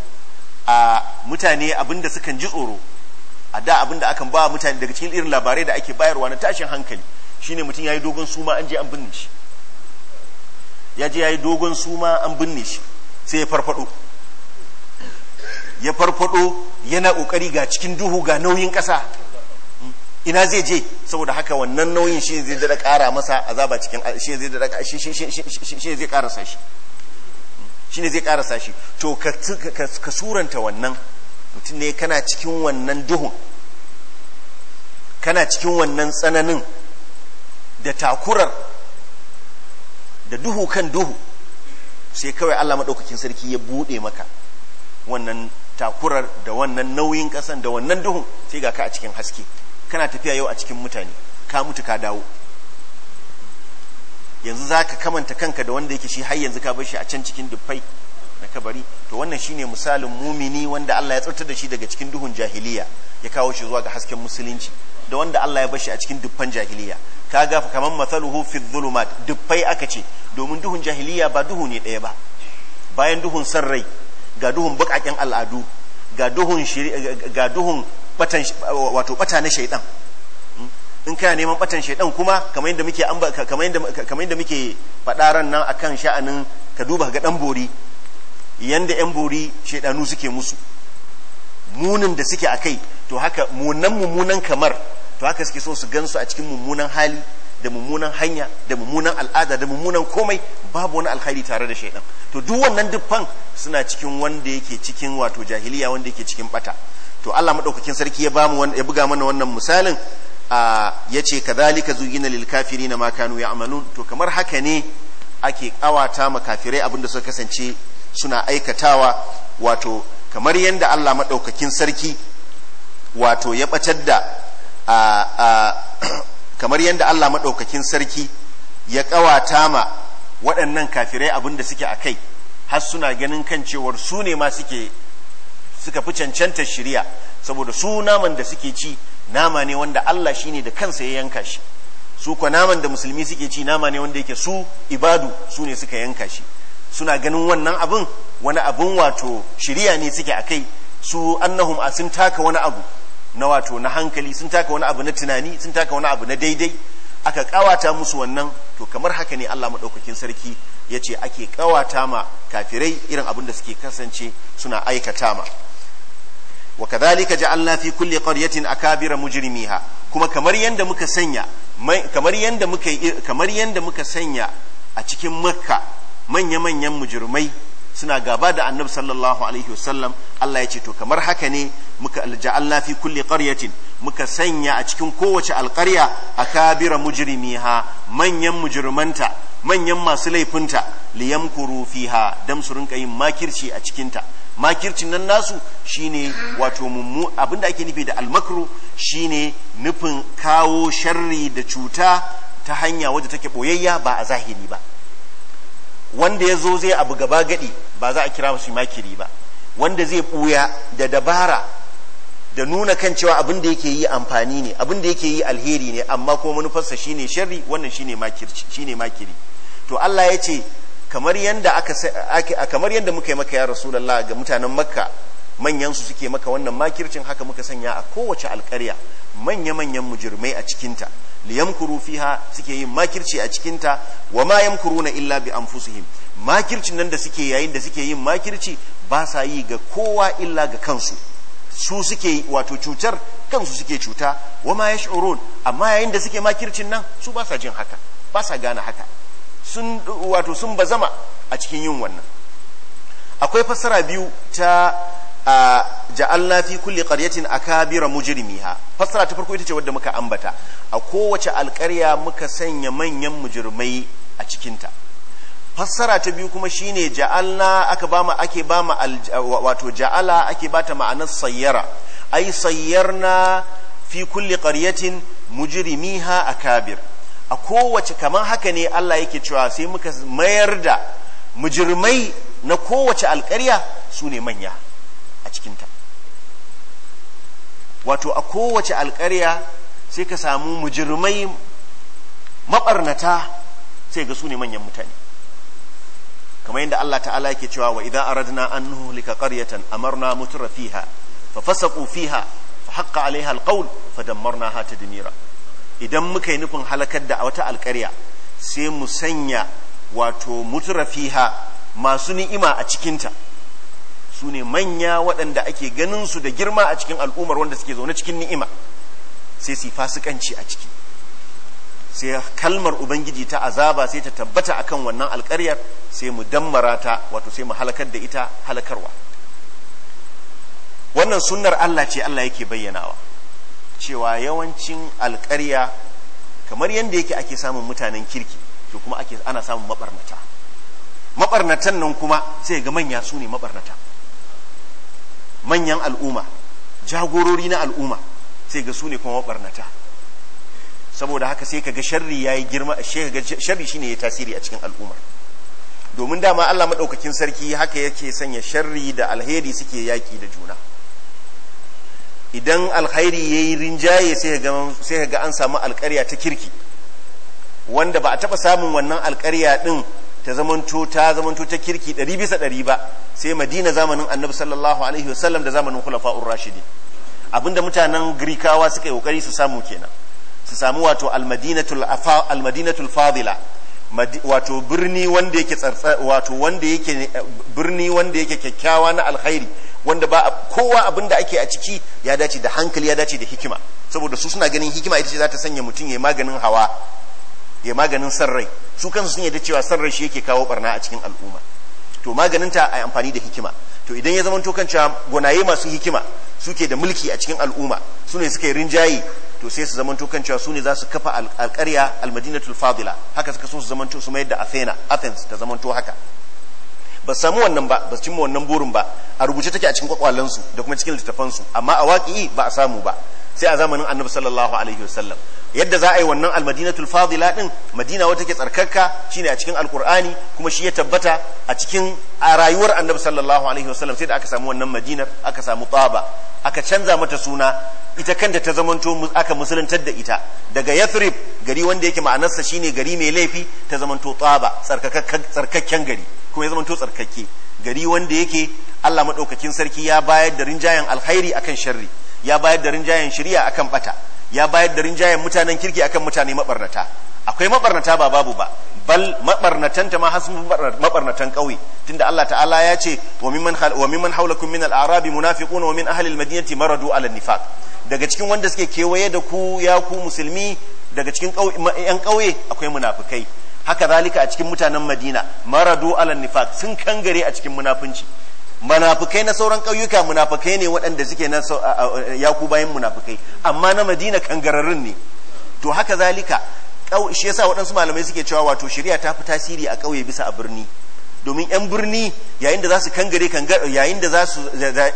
a mutane abinda sukan ji tsoro a da abinda akan ba mutane daga cikin irin labarai da ake bayarwa na tashin hankali shine mutum ya yi dogon suma an je an binne shi ya je ya yi dogon suma an binne shi sai ya farfado ya farfado yana kokari ga cikin duhu ga nauyin kasa ina zai je saboda haka wannan nauyin shi zai dada ƙara masa azaba cikin shi zai daɗa shi zai karasa shi ne zai karasa shi to ka suranta wannan mutum ne kana cikin wannan duhun kana cikin wannan tsananin da takurar da duhu kan duhu sai kawai Allah maɗaukakin sarki ya buɗe maka wannan takurar da wannan nauyin ƙasan da wannan duhun sai ga ka a cikin haske kana tafiya yau a cikin mutane ka mutu ka dawo yanzu za ka kamanta kanka da wanda yake shi har yanzu ka bar shi a can cikin dufai na kabari to wannan shine misalin mumini wanda Allah ya tsartar da shi daga cikin duhun jahiliya ya kawo shi zuwa ga hasken musulunci da wanda Allah ya bar shi a cikin dufan jahiliya kaga kamar mathaluhu fi dhulumat dufai aka ce domin duhun jahiliya ba duhu ne daya ba bayan duhun sarrai ga duhun bukaken al'adu ga duhun ga duhun batan wato bata na shaidan in kana neman batan shaidan kuma kamar yadda muke kamar yadda muke faɗa ran nan akan sha'anin ka duba ga dan bori yanda yan bori shaidanu suke musu munin da suke akai to haka munan mummunan kamar to haka suke so su gansu a cikin mummunan hali da mummunan hanya da mummunan al'ada da mummunan komai babu wani alkhairi tare da shaidan to duk wannan dukkan suna cikin wanda yake cikin wato jahiliya wanda yake cikin bata to Allah madaukakin sarki ya bamu ya buga mana wannan misalin ya ce ka zalika na lilkafiri na makano ya amalu to kamar haka ne ake kawata makafirai abinda suka kasance suna aikatawa wato kamar yadda Allah maɗaukakin sarki wato ya ɓatar da <clears throat> kamar yadda Allah maɗaukakin sarki ya ƙawata ma waɗannan kafirai abinda da suke a kai har suna ganin kan cewar su ne ma suke suka fi cancanta shirya saboda su naman da suke ci nama ne wanda Allah shi ne da kansa ya yanka shi su kwa naman da musulmi suke ci nama ne wanda yake su ibadu su ne suka yanka shi suna ganin wannan abin wani abin wato shirya ne suke a kai su annahum a sun taka wani abu na wato na hankali sun taka wani abu na tunani sun taka wani abu na daidai aka kawata musu wannan to kamar haka ne Allah maɗaukakin sarki ya ce ake kawata ma kafirai irin abin da suke kasance suna aikata ma wa kadhalika ja'alna fi kulli qaryatin akabira mujrimiha kuma kamar yanda muka sanya kamar yanda muka kamar yanda muka sanya a cikin makka manya manyan mujrimai suna gaba da annabi sallallahu alaihi wasallam Allah ya ce to kamar haka ne muka ja'alna fi kulli qaryatin muka sanya a cikin kowace a kabira mujrimiha manyan mujrimanta manyan masu laifinta liyamkuru fiha dan su rinka yin makirci a cikinta makircin nan nasu shine wato mummu abinda ake nufi da almakru shine nufin kawo sharri da cuta ta hanya wadda take boyayya ba a zahiri ba wanda ya zo zai abu gaba gadi ba za a kira su makiri ba wanda zai buya da dabara da nuna kan cewa abin da yake yi amfani ne abin da yake yi alheri ne amma kuma manufarsa shine sharri wannan shine makirci shine makiri to Allah ya ce kamar yadda aka kamar yanda muka yi maka ya rasulullah ga mutanen makka manyan su suke maka wannan makircin haka muka sanya a kowace alƙarya manya manyan mujirmai a cikinta liyamkuru fiha suke yin makirci a cikinta wa ma yamkuruna illa bi anfusihim makircin nan da suke yayin da suke yin makirci ba sa yi ga kowa illa ga kansu su suke wato cutar kansu suke cuta wa ma yash'urun amma yayin da suke makircin nan su ba sa jin haka ba sa gane haka sun wato sun bazama a cikin yin wannan akwai fassara biyu ta ja'alna fi kulli qaryatin akabira mujrimiha fassara ta farko ita ce wadda muka ambata a kowace alƙarya muka sanya manyan mujrimai a cikinta fassara ta biyu kuma shine ja'alna aka bama ake bama wato ja'ala ake bata ma'anar sayyara ai sayyarna fi kulli qaryatin mujrimiha akabir a kowace kamar haka ne Allah yake cewa sai muka mayar da mujirmai na kowace alƙarya su ne manya a cikinta wato a kowace alkarya sai ka samu mujirmai maɓarnata sai ga su ne manyan mutane kamar yadda Allah ta'ala yake cewa wa idan aradna an nuhlika a amarna mutura fiha fa fasaqu fiha fa haƙa alaiha alqawl fa ha ta dimira. idan muka yi nufin halakar da wata alkarya sai mu sanya wato mutrafiha masu ni'ima a cikinta su ne manya waɗanda ake ganin su da girma a cikin al'ummar wanda suke zaune cikin ni'ima sai su fasikanci a ciki sai kalmar ubangiji ta azaba sai ta tabbata akan wannan alkaryar sai mu dammara ta wato sai mu halakar da ita halakarwa wannan sunnar Allah ce Allah yake bayyanawa cewa yawancin alkarya kamar yadda yake ake samun mutanen kirki to kuma ake ana samun mabarnata maɓarnatan nan kuma sai ga manya su ne mabarnata manyan al'umma jagorori na al'umma sai ga su ne kuma mabarnata saboda haka sai ka ga sharri yi girma sharri shine ya tasiri a cikin al'umma domin dama Allah maɗaukakin sarki haka yake sanya sharri da alheri suke yaƙi da juna idan alkhairi ya yi rinjaye sai ga an samu alkarya ta kirki wanda ba a taɓa samun wannan alkarya ɗin ta zamanto ta zamanto ta kirki ɗari bisa ɗari ba sai madina zamanin annabi sallallahu alaihi wasallam da zamanin khulafa'ur rashidi abinda mutanen girkawa suka yi kokari su samu kenan su samu wato almadinatul almadinatul fadila wato birni wanda yake wato wanda yake birni wanda yake kyakkyawa na alkhairi wanda ba kowa abin da ake a ciki ya dace da hankali ya dace da hikima saboda su suna ganin hikima ita ce za ta sanya mutum ya maganin hawa ya maganin san rai su kansu sun yadda cewa san rai shi yake kawo barna a cikin al'umma to maganin ta a amfani da hikima to idan ya zama to kan cewa gonaye masu hikima suke da mulki a cikin al'umma su ne suka yi rinjaye to sai su zamanto kan cewa su ne za su kafa alƙarya almadinatul fadila haka suka so su to su mayar da athena athens ta zamanto haka ba samu wannan ba ba cimma wannan burin ba a rubuce take a cikin kwakwalansu da kuma cikin littafansu amma a waƙi ba a samu ba sai a zamanin annabi sallallahu alaihi wasallam yadda za a yi wannan almadinatul fadila din madina wata ke tsarkakka shine a cikin alqur'ani kuma shi ya tabbata a cikin rayuwar annabi sallallahu alaihi wasallam sai da aka samu wannan madina aka samu taba aka canza mata suna ita kanta ta zamanto aka musuluntar da ita daga yathrib gari wanda yake ma'anarsa shine gari mai laifi ta zamanto taba tsarkakken gari kuma ya zama to tsarkake gari wanda yake Allah madaukakin sarki ya bayar da rinjayen alkhairi akan sharri ya bayar da rinjayen shari'a akan bata ya bayar da rinjayen mutanen kirki akan mutane mabarnata akwai mabarnata ba babu ba bal mabarnatan ta ma hasu mabarnatan kauye tunda Allah ta'ala ya ce wa mimman wa mimman hawlakum min al-a'rabi munafiquna wa min ahli al-madinati maradu ala nifaq daga cikin wanda suke kewaye da ku ya ku musulmi daga cikin yan kauye akwai munafikai haka zalika a cikin mutanen madina maradu ala nifaq sun kangare a cikin munafunci munafukai na sauran kauyuka munafukai ne waɗanda suke na bayan munafukai amma na madina kangararrun ne to haka zalika shi yasa waɗansu malamai suke cewa wato shari'a ta fi tasiri a kauye bisa a birni domin 'yan birni yayin da za su kangare yayin da za su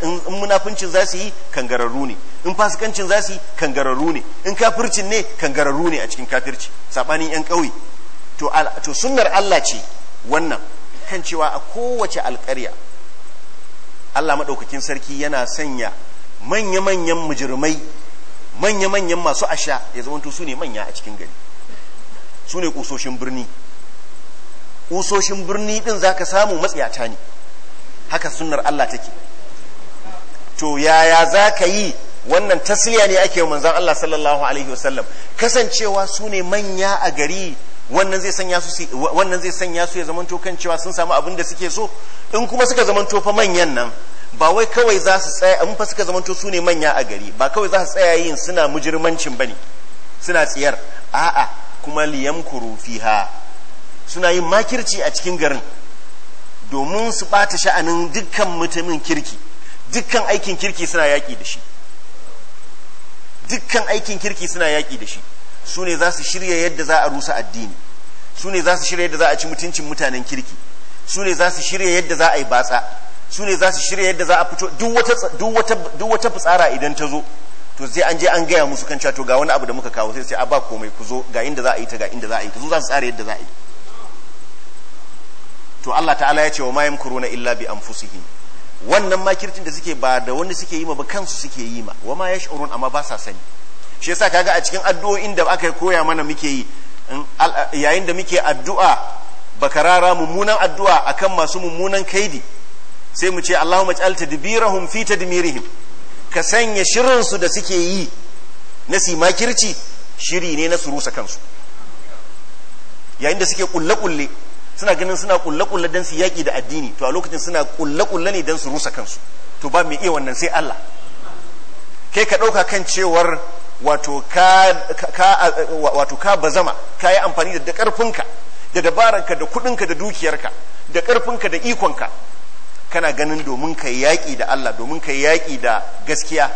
in munafincin za su yi kangararru ne in fasikancin za su yi kangararru ne in kafircin ne kangararru ne a cikin kafirci saɓanin 'yan ƙauye to to sunnar Allah ce wannan kan cewa a kowace alƙarya Allah maɗaukakin sarki yana sanya manya-manyan mujirmai manya-manyan masu asha ya zamanto su ne manya a cikin gari su ne ƙusoshin birni ƙusoshin birni ɗin za ka samu matsiyata ne haka sunnar Allah take to yaya za ka yi wannan tasliya ne ake manzan Allah sallallahu alaihi wasallam kasancewa su ne manya a gari wannan zai sanya su wannan zai sanya su ya zamanto kan cewa sun samu abin da suke so in kuma suka zamanto fa manyan nan ba wai kawai za su tsaya in fa suka zamanto su ne manya a gari ba kawai za su tsaya yin suna mujirmancin bane suna tsiyar a'a kuma liyamkuru fiha suna yin makirci a cikin garin domin su bata sha'anin dukkan mutumin kirki dukkan aikin kirki suna yaƙi da shi dukkan aikin kirki suna yaki da shi su ne za su shirya yadda za a rusa addini su ne za su shirya yadda za a ci mutuncin mutanen kirki su ne za su shirya yadda za a yi batsa su ne za su shirya yadda za a fito duk wata fitsara idan ta zo to sai an je an gaya musu kan to ga wani abu da muka kawo sai sai a ba komai ku zo ga inda za a yi ta ga inda za a yi ta zo za su tsara yadda za a yi to Allah ta'ala ya ce wa mayam kuruna illa bi anfusihim wannan makircin da suke ba da wani suke yi ma ba kansu suke yi ma wa ma yash'urun amma ba sa sani shi yasa kaga a cikin addu'o'in da aka koya mana muke yi yayin da muke addu'a bakarara mummunan addu'a akan masu mummunan kaidi sai mu ce Allahumma ij'al tadbirahum fi tadmirihim ka sanya shirinsu da suke yi na simakirci shiri ne na surusa kansu yayin da suke kulle kulle suna ganin suna kulle kulle dan su yaki da addini to a lokacin suna kulle kulle ne dan su rusa kansu to ba mai iya wannan sai Allah kai ka ɗauka kan cewar wato ka bazama ka yi amfani da ƙarfinka da dabaranka da kuɗinka da dukiyarka da ƙarfinka da ikonka kana ganin domin ka yaƙi da Allah domin ka yaƙi da gaskiya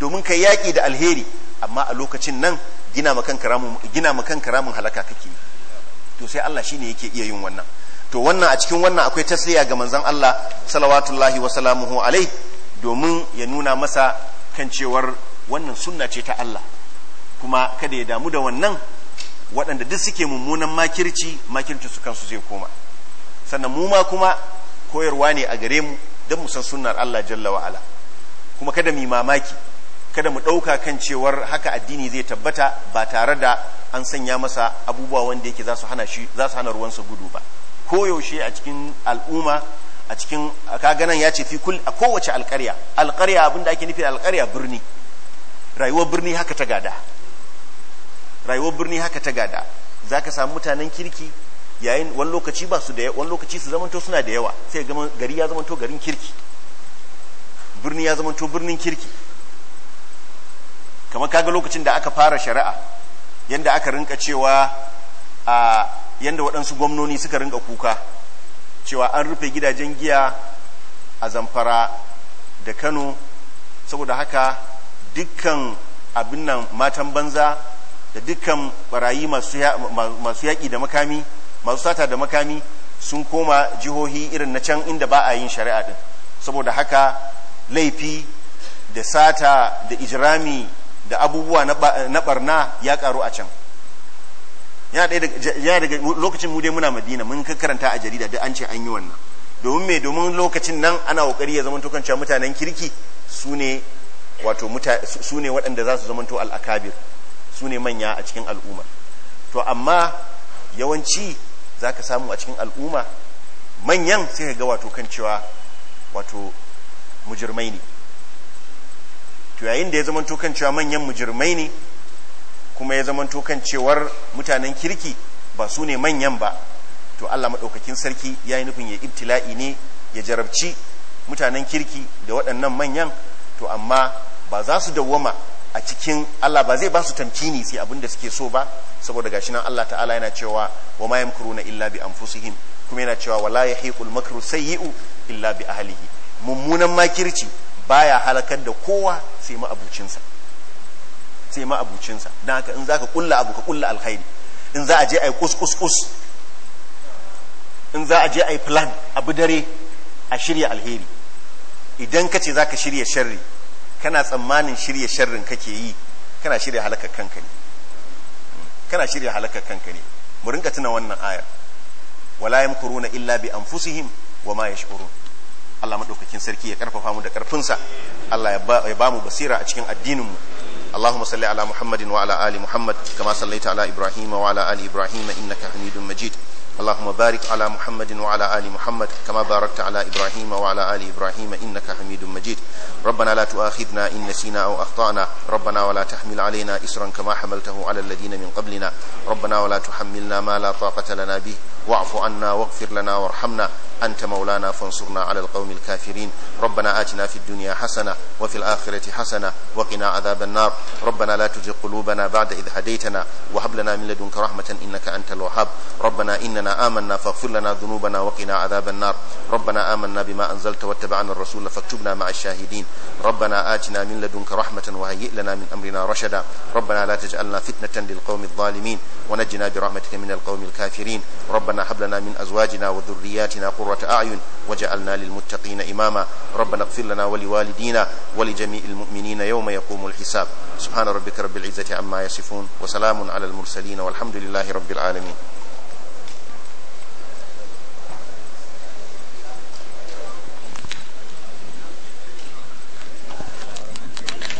domin ka yaƙi da alheri amma a lokacin nan gina makan karamin gina halaka kake to sai Allah shi ne yake iya yin wannan to wannan a cikin wannan akwai tasliya ga manzan Allah salawatullahi wa alai domin ya nuna masa kan cewar wannan sunna ce ta Allah kuma kada ya damu da wannan waɗanda duk suke mummunan makirci makirci su kansu zai koma sannan mu ma kuma koyarwa ne a gare mu don mu san sunnar Allah jalla wa'ala kuma kada mu yi mamaki kada mu ɗauka kan cewar haka addini zai tabbata ba tare da an sanya masa abubuwa wanda yake za su hana shi za su hana ruwansa gudu ba koyaushe a cikin al'umma a cikin kaganan ya ce fi kul a kowace alƙarya alƙarya abinda ake nufi alƙarya birni rayuwar birni haka ta gada rayuwar birni haka ta gada za ka samu mutanen kirki yayin wani lokaci ba su da yawa wani lokaci su zamanto suna da yawa sai gari ya zamanto garin kirki birni ya zamanto birnin kirki kamar kaga lokacin da aka fara shari'a yanda aka rinka cewa a yanda waɗansu gwamnoni suka rinka kuka cewa an rufe gidajen giya a zamfara da kano saboda haka dukkan abin nan matan banza da dukkan barayi masu yaƙi da makami masu sata da makami sun koma jihohi irin na can inda ba a yin shari'a ɗin saboda haka laifi da sata da ijirami da abubuwa na barna ya ƙaru a can yana daga lokacin mu dai muna madina mun karanta a jarida da an ce an yi wannan domin me domin lokacin nan ana kokari ya zama tukancewa mutanen kirki su ne wato su ne waɗanda za su zamanto al'akabir su ne manya a cikin al'umma to amma yawanci za ka samu a cikin al'umma manyan sai ka ga wato kan cewa wato mujirmai ne to yayin da ya zamanto kan cewa manyan mujirmai ne kuma ya zamanto kan cewar mutanen kirki ba su ne manyan ba to Allah maɗaukakin sarki ya yi nufin ya ibtila'i ne ya jarabci mutanen kirki da waɗannan manyan to amma ba za su dawwama a cikin Allah ba zai ba su tamkini sai abin da suke so ba saboda gashi nan Allah ta'ala yana cewa wa ma yamkuruna illa bi anfusihim kuma yana cewa wala yahiqul makru sayyi'u illa bi ahlihi mummunan makirci baya halakar da kowa sai ma abucinsa sai ma abucinsa dan haka in zaka kulla abu ka kulla alkhairi in za a je ai kus kus kus in za a je ai plan abu dare a shirya alheri idan ka ce zaka shirya sharri kana tsammanin shirya sharrin kake yi kana shirya halakar kanka ne kana shirya halakar kanka ne mu rinka tuna wannan ayar wala yamkuruna illa bi anfusihim wama yash'urun Allah madaukakin sarki ya karfafa mu da karfinsa Allah ya ba mu basira a cikin addinin mu اللهم صل على محمد وعلى آل محمد كما صليت على إبراهيم وعلى حميد مجيد اللهم بارك على محمد وعلى آل محمد كما باركت على إبراهيم وعلى آل إبراهيم إنك حميد مجيد ربنا لا تؤاخذنا إن نسينا أو أخطأنا ربنا ولا تحمل علينا إسرا كما حملته على الذين من قبلنا ربنا ولا تحملنا ما لا طاقة لنا به واعف عنا واغفر لنا وارحمنا أنت مولانا فانصرنا على القوم الكافرين ربنا آتنا في الدنيا حسنة وفي الآخرة حسنة وقنا عذاب النار ربنا لا تزغ قلوبنا بعد إذ هديتنا وهب لنا من لدنك رحمة إنك أنت الوهاب ربنا إننا ربنا آمنا فاغفر لنا ذنوبنا وقنا عذاب النار ربنا آمنا بما أنزلت واتبعنا الرسول فاكتبنا مع الشاهدين ربنا آتنا من لدنك رحمة وهيئ لنا من أمرنا رشدا ربنا لا تجعلنا فتنة للقوم الظالمين ونجنا برحمتك من القوم الكافرين ربنا هب لنا من أزواجنا وذرياتنا قرة أعين وجعلنا للمتقين إماما ربنا اغفر لنا ولوالدينا ولجميع المؤمنين يوم يقوم الحساب سبحان ربك رب العزة عما يصفون وسلام على المرسلين والحمد لله رب العالمين